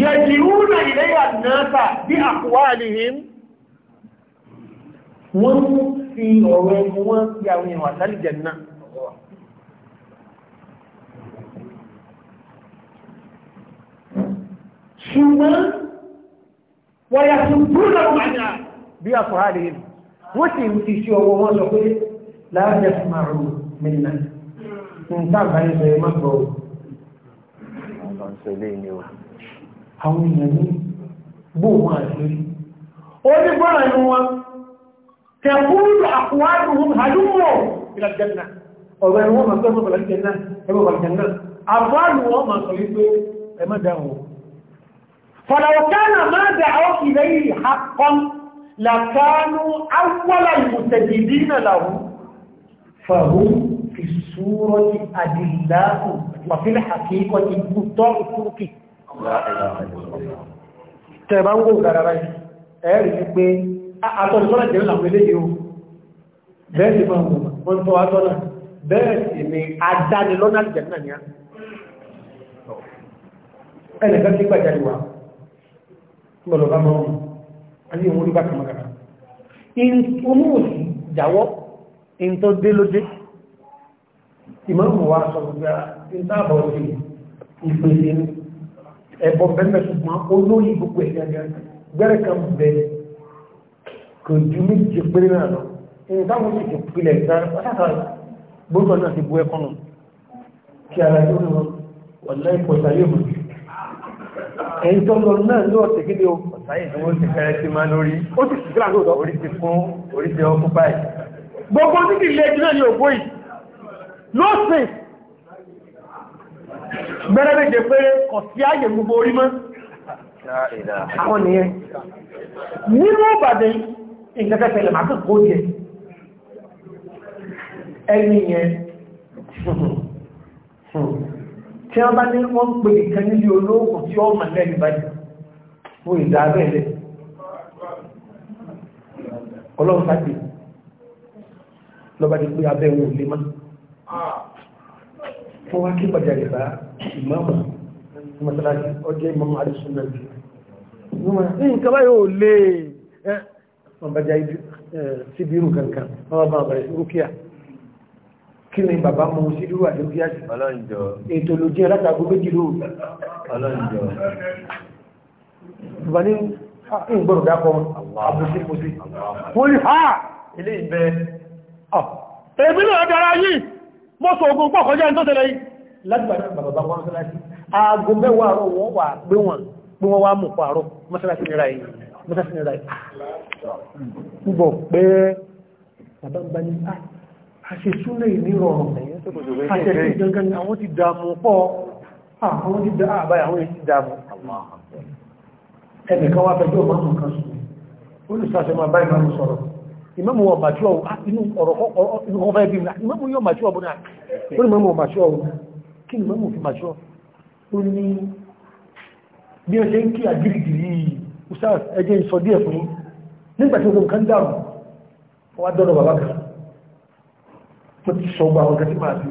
[SPEAKER 2] yẹjìrúnà ilẹ̀ àdínáta bí àkùwà àlìhìn wọ́n fi ọ̀rọ̀ ẹgbùn wọ́n fi àwọn ìwà sálìjẹ̀ náà ṣùgbọ́n wọ́n yà tún búrúnà wọ́nà bí àkùwà àlìhìn wọ́n sì ń fi sí ọwọ́ wọn sọ pé láàrín ẹ̀fùn márùn-ún mìíràn lọ ń sọ ilé ni o àwọn èèyàn ní gbóòmù àṣírí ó ní gbọ́nà inú wọn tẹ̀kúrú àkúwádùn ohun àdúgbò ìlàjẹ́nà ọ̀rọ̀ ẹ̀wọ́n ma sọ́rọ̀ ìlàjẹ́nà ẹgbẹ̀ ìlàjẹ́nà àbáàlù wọn ma sọ wípé ẹmẹ́dàwọ̀ fọ̀lọ̀kánà máa dà ọ́ ilẹ̀ yìí hakan làkánú وفي الحقيقة بطاء التركي tẹ̀bá ń gbogbo ara rẹ̀ ẹ̀rì ní pé àtọ́lùmọ́lá jẹ́ ìlànà ilé yìí o bẹ́ẹ̀ sí máa wọ́n tó àtọ́lá bẹ́ẹ̀ sí ni adánilọ́nà jẹ́ náà ni a ẹnìkan tí gbàjáde wà lọ́lọ́ bá mọ́ wọn ayé wọn orí ìmọ̀mù wa sọ gbogbo ah, ìtàbọ̀ sí ìpèsè ẹ̀bọ̀ bẹ́ẹ̀ ṣùgbọ́n olóyìn gbogbo ẹ̀gẹ́gẹ́ gbẹ́rẹ̀ kan bẹ̀ kò ju méjì péré náà lọ ní táwọn sì ti pilẹ̀ gbogbo náà ti bu ẹkùn nù kí ara yóò lọ wọ̀lá ipò ìsàlẹ̀ mọ̀ ẹ̀yìn tó lọ náà o ọ̀sáyé tí wọ́n ti fẹ́rẹ́ sí máa lórí ó sì sì sílá lóòtọ́ orí ti fún orí ti ọkùn báyìí gbogbo títí náà ni ògbó yìí lóòsìn bẹ̀rẹ̀ méje péré kọ̀ sí ààyè gbogbo orí mọ́ àwọn nìyẹn nínú ọ̀bàdẹ̀ ìgbẹ́fẹ́fẹ́lẹ̀ máa kàn kó jẹ ẹni yẹn tí wọ́n bá ní wọ́n pè nìkan nílé olóògùn tí wọ́n mọ̀ lẹ́nu báyìí fún ìdábẹ̀lẹ̀ ọlọ́run sáàdì lọ́bàdẹ̀ pé abẹ́ wọn ò lè máa wọ́n wá kí gbàjàgbà ìmáàmù mọ́sálásí ọjọ́ ìmáàmù àdìsùn náà bí wọ́n máa ní nǹkan báyìí ò lè wọ́n bá jáde sí bí irú kankan wọ́n bá bẹ̀rẹ̀ sí rúkìá kí ni bàbá mọ sí irú àti rúkìá sí ètò lòdì alátagbó méjì ló bàbá ní ìgbọ́dọ̀ dákọ̀ àbúsí mọ́sí wọ́n ha ilé ìbẹ́ ẹ̀bí ah, náà dára yìí mo sọ ogun pọ̀ kọjá tó tẹ́lẹ̀ yìí lágbàdá bàbá wọn mọ́sálásí aago mẹ́wàá àárọ̀ wọ́n wà pé wọ́n pé wọ́n wá mú pọ̀ àárọ̀ mọ́sálásí nira yìí mọ́sálásí nira yìí ń bọ̀ pé bàbá ń bá ní ah, a ṣe súnlẹ̀ ìní rọrùn àṣẹ̀ṣẹ̀ gangan àwọn ti dààmú pọ̀ ah, àwọn ah, ti dààmú ẹnìkan wá fẹjọ́ ìmọ̀mù wọ màṣúọ̀ inú ọ̀rọ̀ ọ̀rọ̀ fẹ́ bí ìmọ̀mù yóò màṣúọ̀ bó náà ó ní mọ̀mù màṣúọ̀ kí ni mọ̀mù fi màṣúọ̀ ó ní bí ó ṣe ń kí àgírígìrí usas ẹjẹ́ ìsọ díẹ̀ fún nígbàtí ogun kan dáàmù wọ́n dọ́nà bàbá kan tó ti sọ gbà ọ̀gá tí máa fi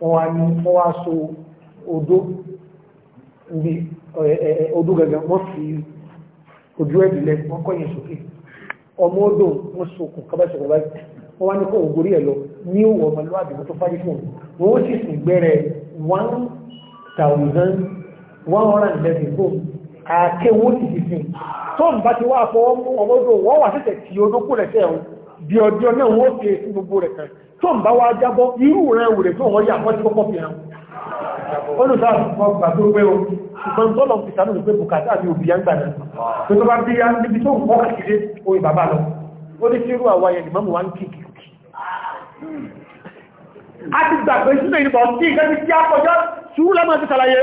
[SPEAKER 2] wọ́n ní wọ́n wá so odó bí odó gẹ̀gẹ̀ wọ́n fi ojú ẹ̀dìlẹ̀ wọ́n kọ́yìn sókè ọmọ odò wọn sokùn kábàṣọ̀kọ̀ báyìí wọ́n wá ní kó ògbórí ẹ̀ lọ ní òwò ọmọlúwàbí tó fáyé fún wọn ó sì sìn gbẹ́rẹ̀ one thousand one hundred and eleven go àkẹwò sì ti sìn tó ń bá ti wá fọwọ́ mú ọmọ odò wọ́n wà sẹ̀sẹ̀ tí odókù rẹ̀ sẹ̀ ọ́n bí ọjọ́ náà wọ́n ṣe sí gbogbo rẹ̀ kan tó ń bá wá jábọ́ irú rẹ̀ wùrẹ̀ tó wọ́n yà wọ́n ti kọ́kọ́ fi hàn. olùsọ̀rọ̀ gbàgbé ṣùgbọ́n tọ́lọ̀ fi sánú pé bùkátà àti òbí yàgbà náà tó tó bá bí yá níbi tó wọ́n kàkiri oyin bàbá lọ ó ní kírú àwọn ayẹni mọ́mù wá ń kìkì a ti gbà pé sílẹ̀ ìbọn tí ìgbẹ́ ti kí á kọjá ṣúrú lẹ́mọ̀ ti sàlàyé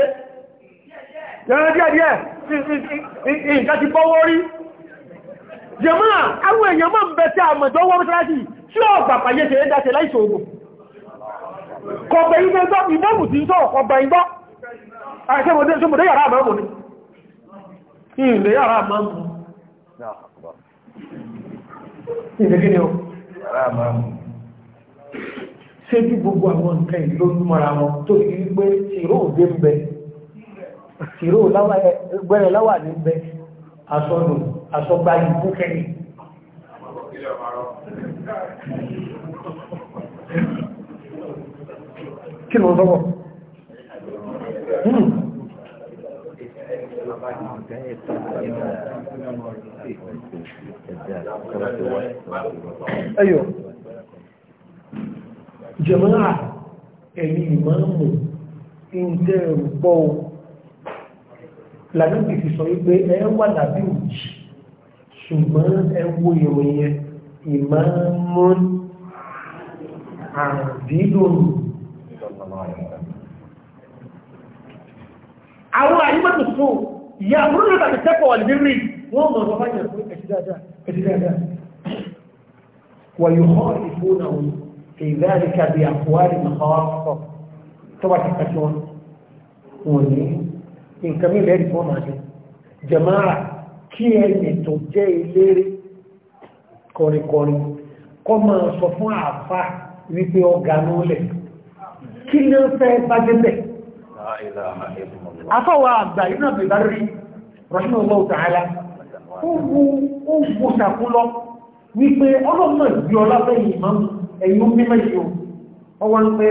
[SPEAKER 2] yẹ̀rẹ̀ díẹ̀ díẹ̀ nǹkan ti bọ́wọ́ rí jẹ̀mọ́ àwọn èèyàn mọ́ ń bẹ tí a mọ̀jọ́ wọ́n mọ́sálásì tí ó gbàpà yẹ́ ṣe é dáṣe láìṣòro kọ̀bẹ̀ ìgbẹ́ ìgbẹ́ ìgbẹ́ ìgbẹ́ àìsẹ́mọ̀dé ah, yàrá àmọ́ ní ilẹ̀ yàrá àmọ́ mú ilẹ̀ gíní o ṣe bí gbogbo àwọn nǹkan ìlójúmọ́ra wọn tó rí wípé tìró òde ń bẹ tìró gbẹ́rẹ̀ láwà ní bẹ asọ́nù asọ́gbáyì kúkẹ́ni kí ló sọ́wọ́ Ẹyọ̀, hmm. jẹ̀mọ́lá ẹ̀lú ìmọ̀ọ́mù ń jẹ́ ẹ̀rùpọ̀ lànàbì fi sọ wípé ẹ wà lábí òjì ṣùgbọ́n ẹ wo ìròyìn ìmọ̀ọ́mù àdílòrùn àwọn àyíkọ́tù fún ìyá àbúrú nípa ìtẹ́kọ̀ọ́ àlìbírí wọ́n mọ̀ ọ̀rọ̀ fáyẹ̀ fún ẹ̀sì dáadáa ẹ̀sì dáadáa wà yóò họ́ ìfúnà òun kì í láàrín kàbí àfúwárì mọ̀kọ́ tó wà kíkà tí wọ́n wọ́n ní nǹkan mi afọ́wà àgbà ìrìnà bèbárí rọ̀ṣínà ọlọ́ òtàhálà ó wú sàkúlọ wípé ọlọ́mọ̀ ìbí ọlá fẹ́yìn ìmọ̀ ẹ̀yìn mímọ̀ ìṣò ọwọ́ ń pé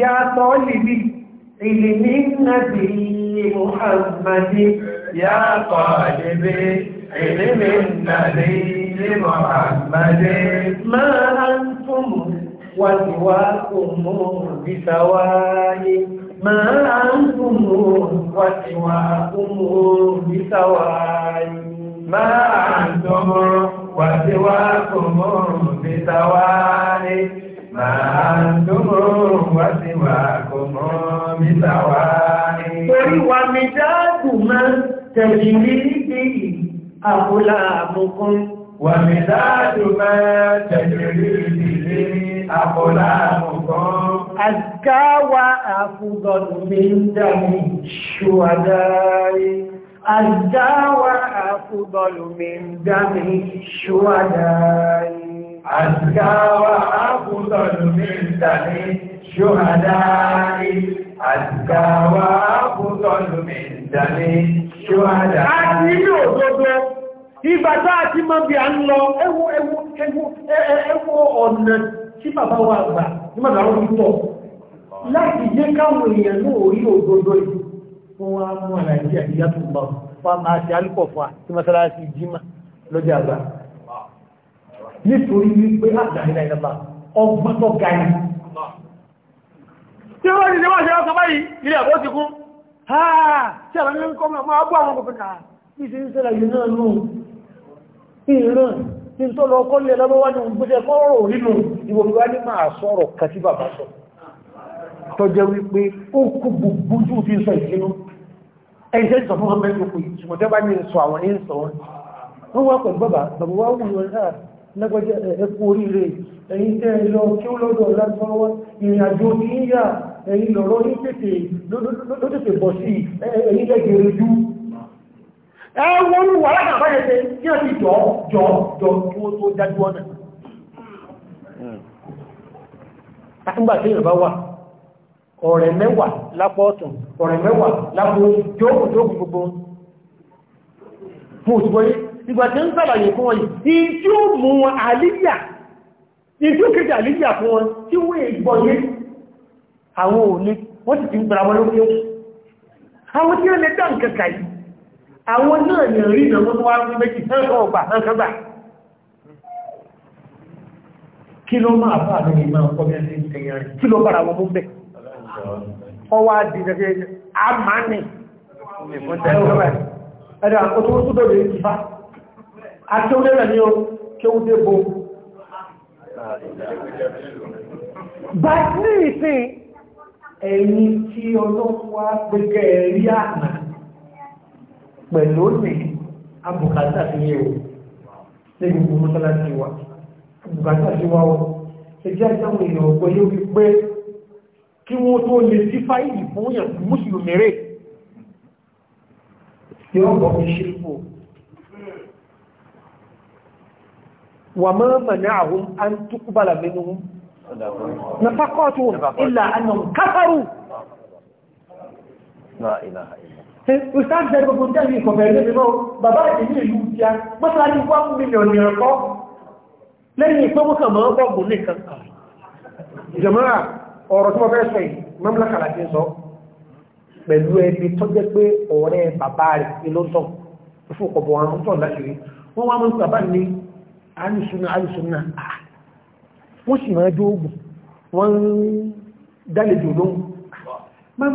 [SPEAKER 2] yàtọ̀ lìbí ìlìmí nàbí Muhammadi bí sáwáyé ما أنتم وسواكم بسواي ما أنتم وسواكم
[SPEAKER 1] بسواي ما أنتم وسواكم بسواي
[SPEAKER 2] ومداد ما تجري به أقلامكم ومداد ما تجري به أقلام أزكى وأفضل من دم الشهداء أزكى وأفضل من دم الشهداء أزكى وأفضل من دم الشهداء أزكى وأفضل من دم
[SPEAKER 1] الشهداء
[SPEAKER 2] ìgbà tá a ti mọ́ bí a ń lọ ẹwọ ẹwọ ẹwọ ọ̀nà tí bàbá wa gbà nígbàtà àwọn púpọ̀ láti jẹ́ káwọn èèyàn náà orí òdodo yìí wọ́n wá mú àlàyé àdíyá tó bá wà máa ṣe alúpọ̀ fún wa tí mọ́sálásí jímà lọ́jọ́ àgbà nítorí wípé àgbàrílà ah, ìrọ̀bà ọgbọ́n tó ga ní tí wọ́n ni wọ́n ṣe ọkọ̀ báyìí ilé ẹ̀kọ́ ti kún tí n tó lọ kọ́ lè lọ́wọ́ wá ní gbẹ́jẹ́ kọ́rọ̀ nínú ìwòrúwá ní máa sọ̀rọ̀ kàtí bàbá sọ tó jẹ́ wípé ó kú gbogbo jù tí ń sọ ìsinú ẹ̀yìn sọ fún ọmọ ẹ̀kọ́ yìí ṣùgbọ́n tẹ́bá ní sọ àwọn ní sọ wọn wọ́n wá pẹ̀lú bàbá bàbá wá wù wọn náà ah, lágbàjẹ́ ẹkù oríire ẹ̀yìn tẹ́ lọ kí ó lọ́dọ̀ lágbàwọ́ ìrìn àjò ní yà ẹ̀yìn lọ̀rọ̀ ní tètè ẹwọ́n ní wà látàbá yẹn ṣe kí wọ́n ti jọ jọ jọ kí wọ́n tó dájú ọ̀nà àtúgbà tí ìrọ̀bá wà ọ̀rẹ́ mẹ́wàá lápọ̀ ọ̀tún ọ̀rẹ́ mẹ́wàá lápọ̀ jókòó tó gbogbo fún òṣùgbọ́ yìí ìgbà tí ń sàlàyé fún wọn yìí tí ó mú wọn àlíyà ìjú kéjì àlíyà fún wọn tí wọ́n ègbọ́ yé àwọn òní wọ́n sì ti ń gbàra wọn lókè àwọn tí ó lè dá nǹkan àwọn náà ní rí ìdánwò tó wá ní méjì tẹ́lẹ̀kọ́ ọgbà lọ́kọ́gbà kí ló máa bá àmì ìmọ̀ ọkọ̀ bí ẹni ìtẹ̀yàn rẹ̀ kí ló bára wọn mú bẹ́ ọwá di ẹgbẹ́ àmàní ẹ̀dà àkótó tó dọ̀ lè jìfà àti ó lẹ́rẹ̀ ní o kí ó dé bo bá ní ìsìn ẹ̀yìn tí ọlọ́pàá gbẹ̀gẹ̀ rí pẹ̀lú ní abùkátà sí yẹ̀ o ní gbogbo mọ́sálásí wa abùkátà sí wa o ẹjẹ́ àjáwọn èèyàn ọ̀pọ̀ yóò fi pé kí wọ́n tó lè sí fáìlì fún yàn mùsùlùmí rẹ̀ yóò bọ̀ fi an túkúbàlà mẹ́nu na fakọ́tù ilà kafaru la ilaha Ustaz dari pembunyian ini, kembali memang, bàbá ìdí ìlú ti a, mọ́sá ní wá fún mílíọ̀nù ẹ̀kọ́, lẹ́yìn tó mú kàmọ́ ọgbọ̀gbùn nìkan. Jẹ̀mọ́ra, ọ̀rọ̀ tí wọ́n fẹ́ sọ yìí, mọ́mílá kàlàkì sọ, pẹ̀lú ẹbí tó jẹ́ pé ọ̀rẹ́ bàbá rẹ̀ iló tọ̀, fún ọ̀pọ̀ wọn tọ̀ ń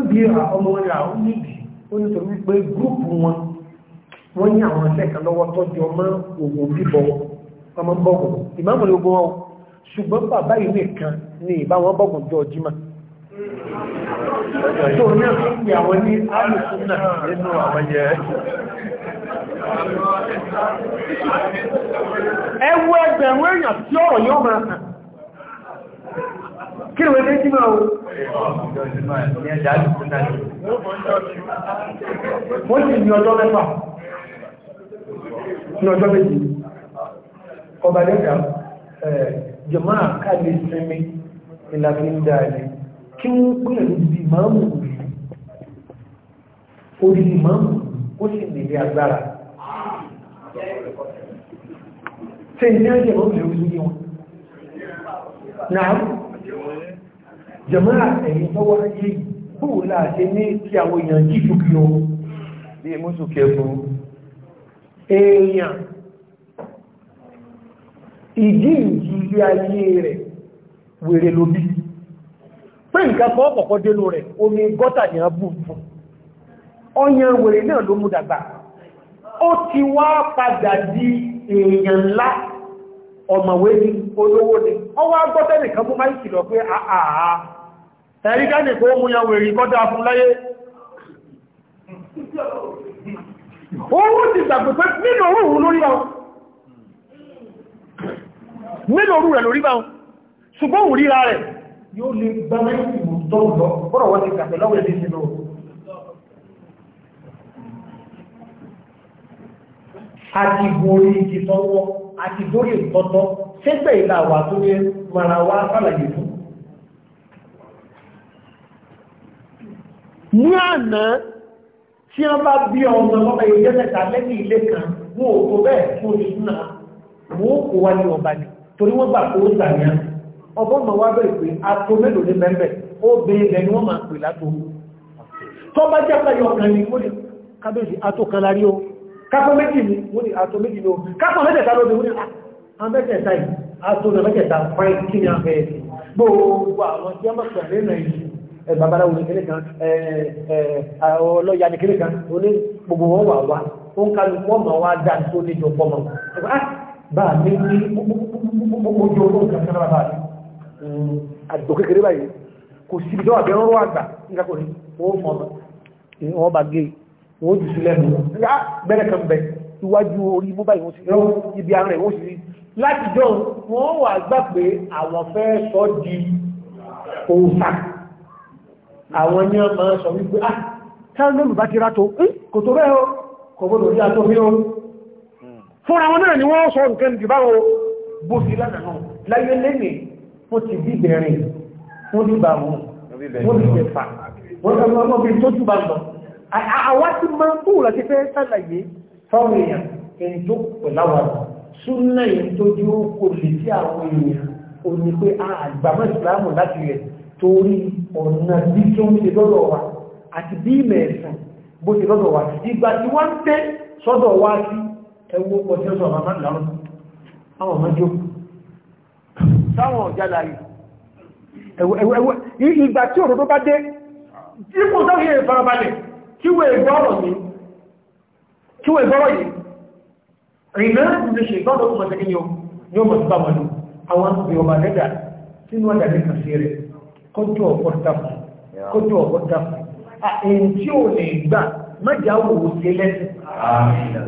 [SPEAKER 2] bí ọmọ wọn rà ó ní torí pé gúrùpù wọn wọ́n ní àwọn akẹ́kọ̀ọ́ lọ́wọ́ tọ́jú ọmọ ògùn bíbọ ọmọ bọ́gùn ìmáàmù ni ogun wọn ṣùgbọ́n bàbá yìí nìkan ni ìbá wọn bọ́gùn jọ jímà tó ní àwọn ní alùsùnà nínú àwọn yẹ ẹwọ ẹgbẹ̀rún èèyàn tí ọ̀rọ̀ yọ́ máa kí ni wọ́n dé jímà o
[SPEAKER 1] wọ́n sì ní ọjọ́
[SPEAKER 2] mẹ́fà ní ọjọ́ méjì ọba lẹ́gbà jọmọ́ àkàlẹ̀ sinmi ìlàfí ń dáa ní kí wọ́n pínlẹ̀ lórí ìmáàmù rí orí ìmáàmù ó sì nílé agbára tí ìdí ẹ̀jẹ̀ mọ́ jẹ̀mọ́ra ẹ̀yìn tó wá yé fóòwò láàṣẹ ní kí àwọn èèyàn jí jù kí o bí i mọ́sù kẹfún èèyàn ìdí ìjì ilé ayé rẹ̀ wèrè lóbi pé nǹkan kan kọ̀kọ́ dénú rẹ̀ omi gọ́tà ní abú fún ọyàn wèrè náà ló mú dàgbà ó ti wá padà di èèyàn ńlá ọ̀mọ̀wé ni olówó ni ọwọ́ agbọ́tẹ́ nìkan fún máìkì lọ pé àà ah, ah, ah. ẹ̀rí gánì kó mú yan wèrè kọ́dá fún láyé owó ti gbàgbẹ́gbẹ́ nínú orú lórí bá wọn nínú orú rẹ̀ lórí bá wọn ṣùgbọ́n òun ríra rẹ̀ yóò lè gbá máìkì mú tọ́lọ́ bọ́rọ̀ wọ́n ti gbàgbẹ́ lọ́wọ́ ẹ̀dẹ́ sínú àti ìgbòrí ìgbìtọ́wọ́ àti dórí ìtọ́tọ́ ṣẹ́gbẹ̀ ìlà wà tó yẹ mara wá sálàyé fún. ní àná tí wọ́n bá bí ọmọ ọmọ ìjẹ́ mẹ́ta lẹ́yìn ilé kan wọ́n ò tó bẹ́ẹ̀ fún oṣùnà wọ́n kò wá ní ọba ni torí wọ́n gbà kó ó sàmìá ọbọ̀ mọ̀ wá bẹ̀rẹ̀ pé ato mélòó ní mẹ́mbẹ̀ ó bèèrè ni wọ́n máa pè látò tó bá jẹ́ pẹ́yọ kan ní kó lè kábíyèsí ato kan lárí o kápọ̀ méjì ní wọ́n ni àtò méjì ní o ah, kápọ̀ mẹ́tẹ̀ta ló bí wọ́n ni àmẹ́tẹ̀ta yìí àtò mẹ́tẹ̀ta fáìn kí ni a fẹ́ ẹ̀sì gbogbo àwọn tí a máa pẹ̀lẹ́ náà yìí babaláwo ní kílé kan ọlọ́yà ní kílé kan oní gbogbo wọn wà wá ó ń kálu wọ́n máa wá dá tó ní jọ pọ́ máa ah, bá mi ní gbogbo jọ ọdún kan sára bá mi hmm, àjọ kékeré báyìí kò síbi tó àbẹ̀rún rọ àgbà nígbà kò ní wọ́n mọ̀ ọ́ bá gé e wọ́n jù sílẹ̀ mú ah, bẹ́rẹ̀ kan bẹ̀ iwájú orí mobile wọ́n sí rán ibi ara rẹ̀ wọ́n sí rí láti jọ wọ́n wà gbà pé àwọn fẹ́ sọ di òòsà àwọn ní ọmọ sọ wípé ah táńdọ́lù bá ti rá tó hm, kò tó bẹ́ẹ̀ kò gbọ́dọ̀ rí ató mí o fúnra wọn náà ni wọ́n sọ nǹkan dì báwo bó sí lánàá àwa ti máa ń kú láti fẹ́ sàlàyé fáwọn èèyàn ẹni tó pẹ̀láwọn súnà yìí tó jí ó kò lè sí àwọn èèyàn ò ní pé àgbàmọ́ ìsìlámù láti rẹ̀ torí ọ̀nà bí tó ń ṣe lọ́dọ̀ wa àti bí mẹ̀ẹ̀sìn bó ṣe lọ́dọ̀ wa ìgbà tí wọ́n ń tẹ́ sọ́dọ̀ wa sí ẹwọ́ pọ̀tíọ́sọ̀ àwọn máa lọ́rùn àwọn ọmọ jókòó sáwọn ọ̀já láyé ẹwọ́ ìgbà tí òdòdó bá dé tí kò sọ́rọ̀ yẹ ìfarabalẹ̀ kíwẹ̀ ìgbọ́rọ̀ ní kíwẹ̀ ìgbọ́rọ̀ yìí rìnà ní ṣe ìgbọ́rọ̀ ọmọ tẹ́kí ni ó mọ̀ sí bàbá lù àwọn bí ọba lẹ́dà sínú ọjà ní kàṣí rẹ̀ kọjú ọ̀pọ̀ dáfà kọjú ọ̀pọ̀ dáfà èyí tí ò lè gbà mẹ́jà wò ó sí lẹ́sìn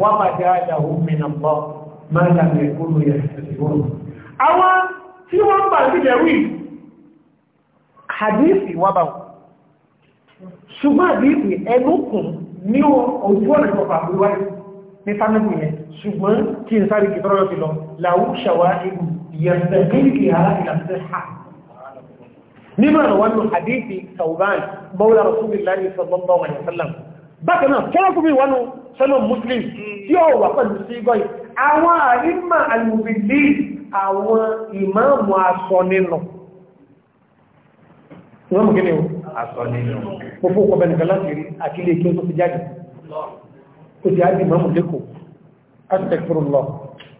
[SPEAKER 2] wà bá dáadáa ó mìíràn bọ́ máa dàbí ẹ̀kọ́ lóye ẹ̀sìn àwọn ṣùgbọ́n àbíkù ẹnu kùn ní ojú ọ̀nà ìjọba àbúrúwá ní fámílì yẹn ṣùgbọ́n kí n sáré kìtọ́rọ̀ fi lọ làwú ṣàwá ìlú yẹ̀sẹ̀ mílìkì ara ìlàṣẹ́ ha nínú àwọn wọn àdéhìí sauban bọ́ọ̀lá rasulullahi sallallahu alaihi wasallam bákan náà kẹ́lẹ́kùnrin wọn sẹ́lọ̀ muslim tí ó wà ìmáàmù asọ nínú wọ́n mú kí aṣọ nínú fúnfún kọbẹ̀ nìkan láti rí àkílé kí ó tó fi jáde ó ti ágbì mọ́mù lẹ́kọ̀ọ́ astaghfirullah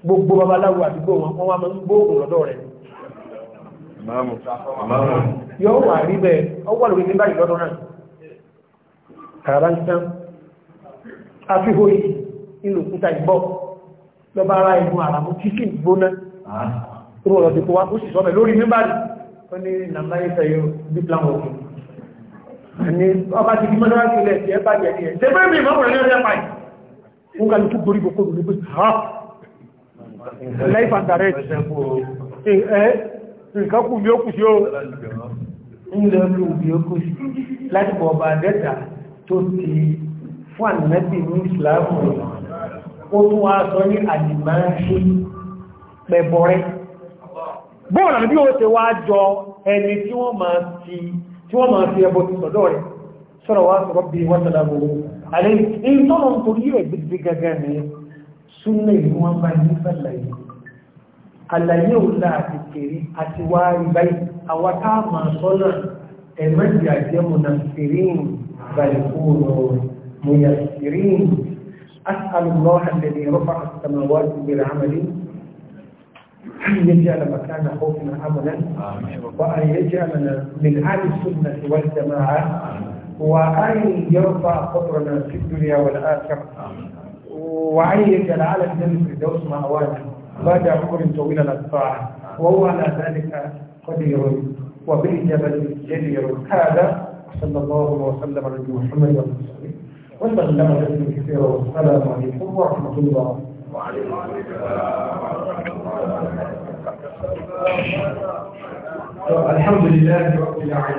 [SPEAKER 2] gbogbo babaláwo àdúgbò wọn wọ́n wá mọ́ gbóògùn lọ́dọ̀ rẹ̀ yóò wà rí bẹ́ẹ̀ ọwọ́ lórí nígbà ìlọ́dọ̀ náà kàràbáńtán ní ọba ti di mọ́sára sílẹ̀ tí ẹ bá jẹ́ ní ẹ̀ tẹ́ bẹ́ẹ̀ mi mọ́kùnrin ní ọjọ́ pàì fún kàlù tó gorí gbogbo ní pé ha life and direct ẹ̀ nǹkan kù mí ó kù sí ó ń lọ lù mí ó kù sí láti bọ̀ ọba dẹ́ta tó ti fún ànàbì ní ìsìláàmù ó tún wọ́n máa ti tí wọ́n máa fi ẹbọ ti sọ̀dọ̀ rẹ̀ sọ̀rọ̀ wá sọ̀rọ̀ bí wọ́n tẹ̀lé àbúrò àlẹ́ èyí tọ́nà ń torí rẹ̀ gbígbé gẹ́gẹ́ ní súnlẹ̀ ìlú wọn bá ní fẹ́lẹ̀ yìí àlàyé àti kèrè àti wá ibáyé àwọn máa sọ́nà ẹ̀mẹ́jì àjẹmọ̀ náà kèrè balẹ̀ kúrò mọ̀ أسأل الله الذي رفع السماوات بالعمل أن يجعل مكان خوفنا أمنا وأن يجعلنا من أهل السنة والجماعة وأن يرفع قدرنا في الدنيا والآخرة وأن يجعل على الجنة الدوس مأوانا بعد عمر طويل الطاعة وهو على ذلك قدير وبالإجابة جدير هذا صلى الله وسلم على محمد وعلى وسلم وسلم كثيرا والسلام عليكم ورحمة الله
[SPEAKER 1] وعليكم السلام الحمد لله رب العالمين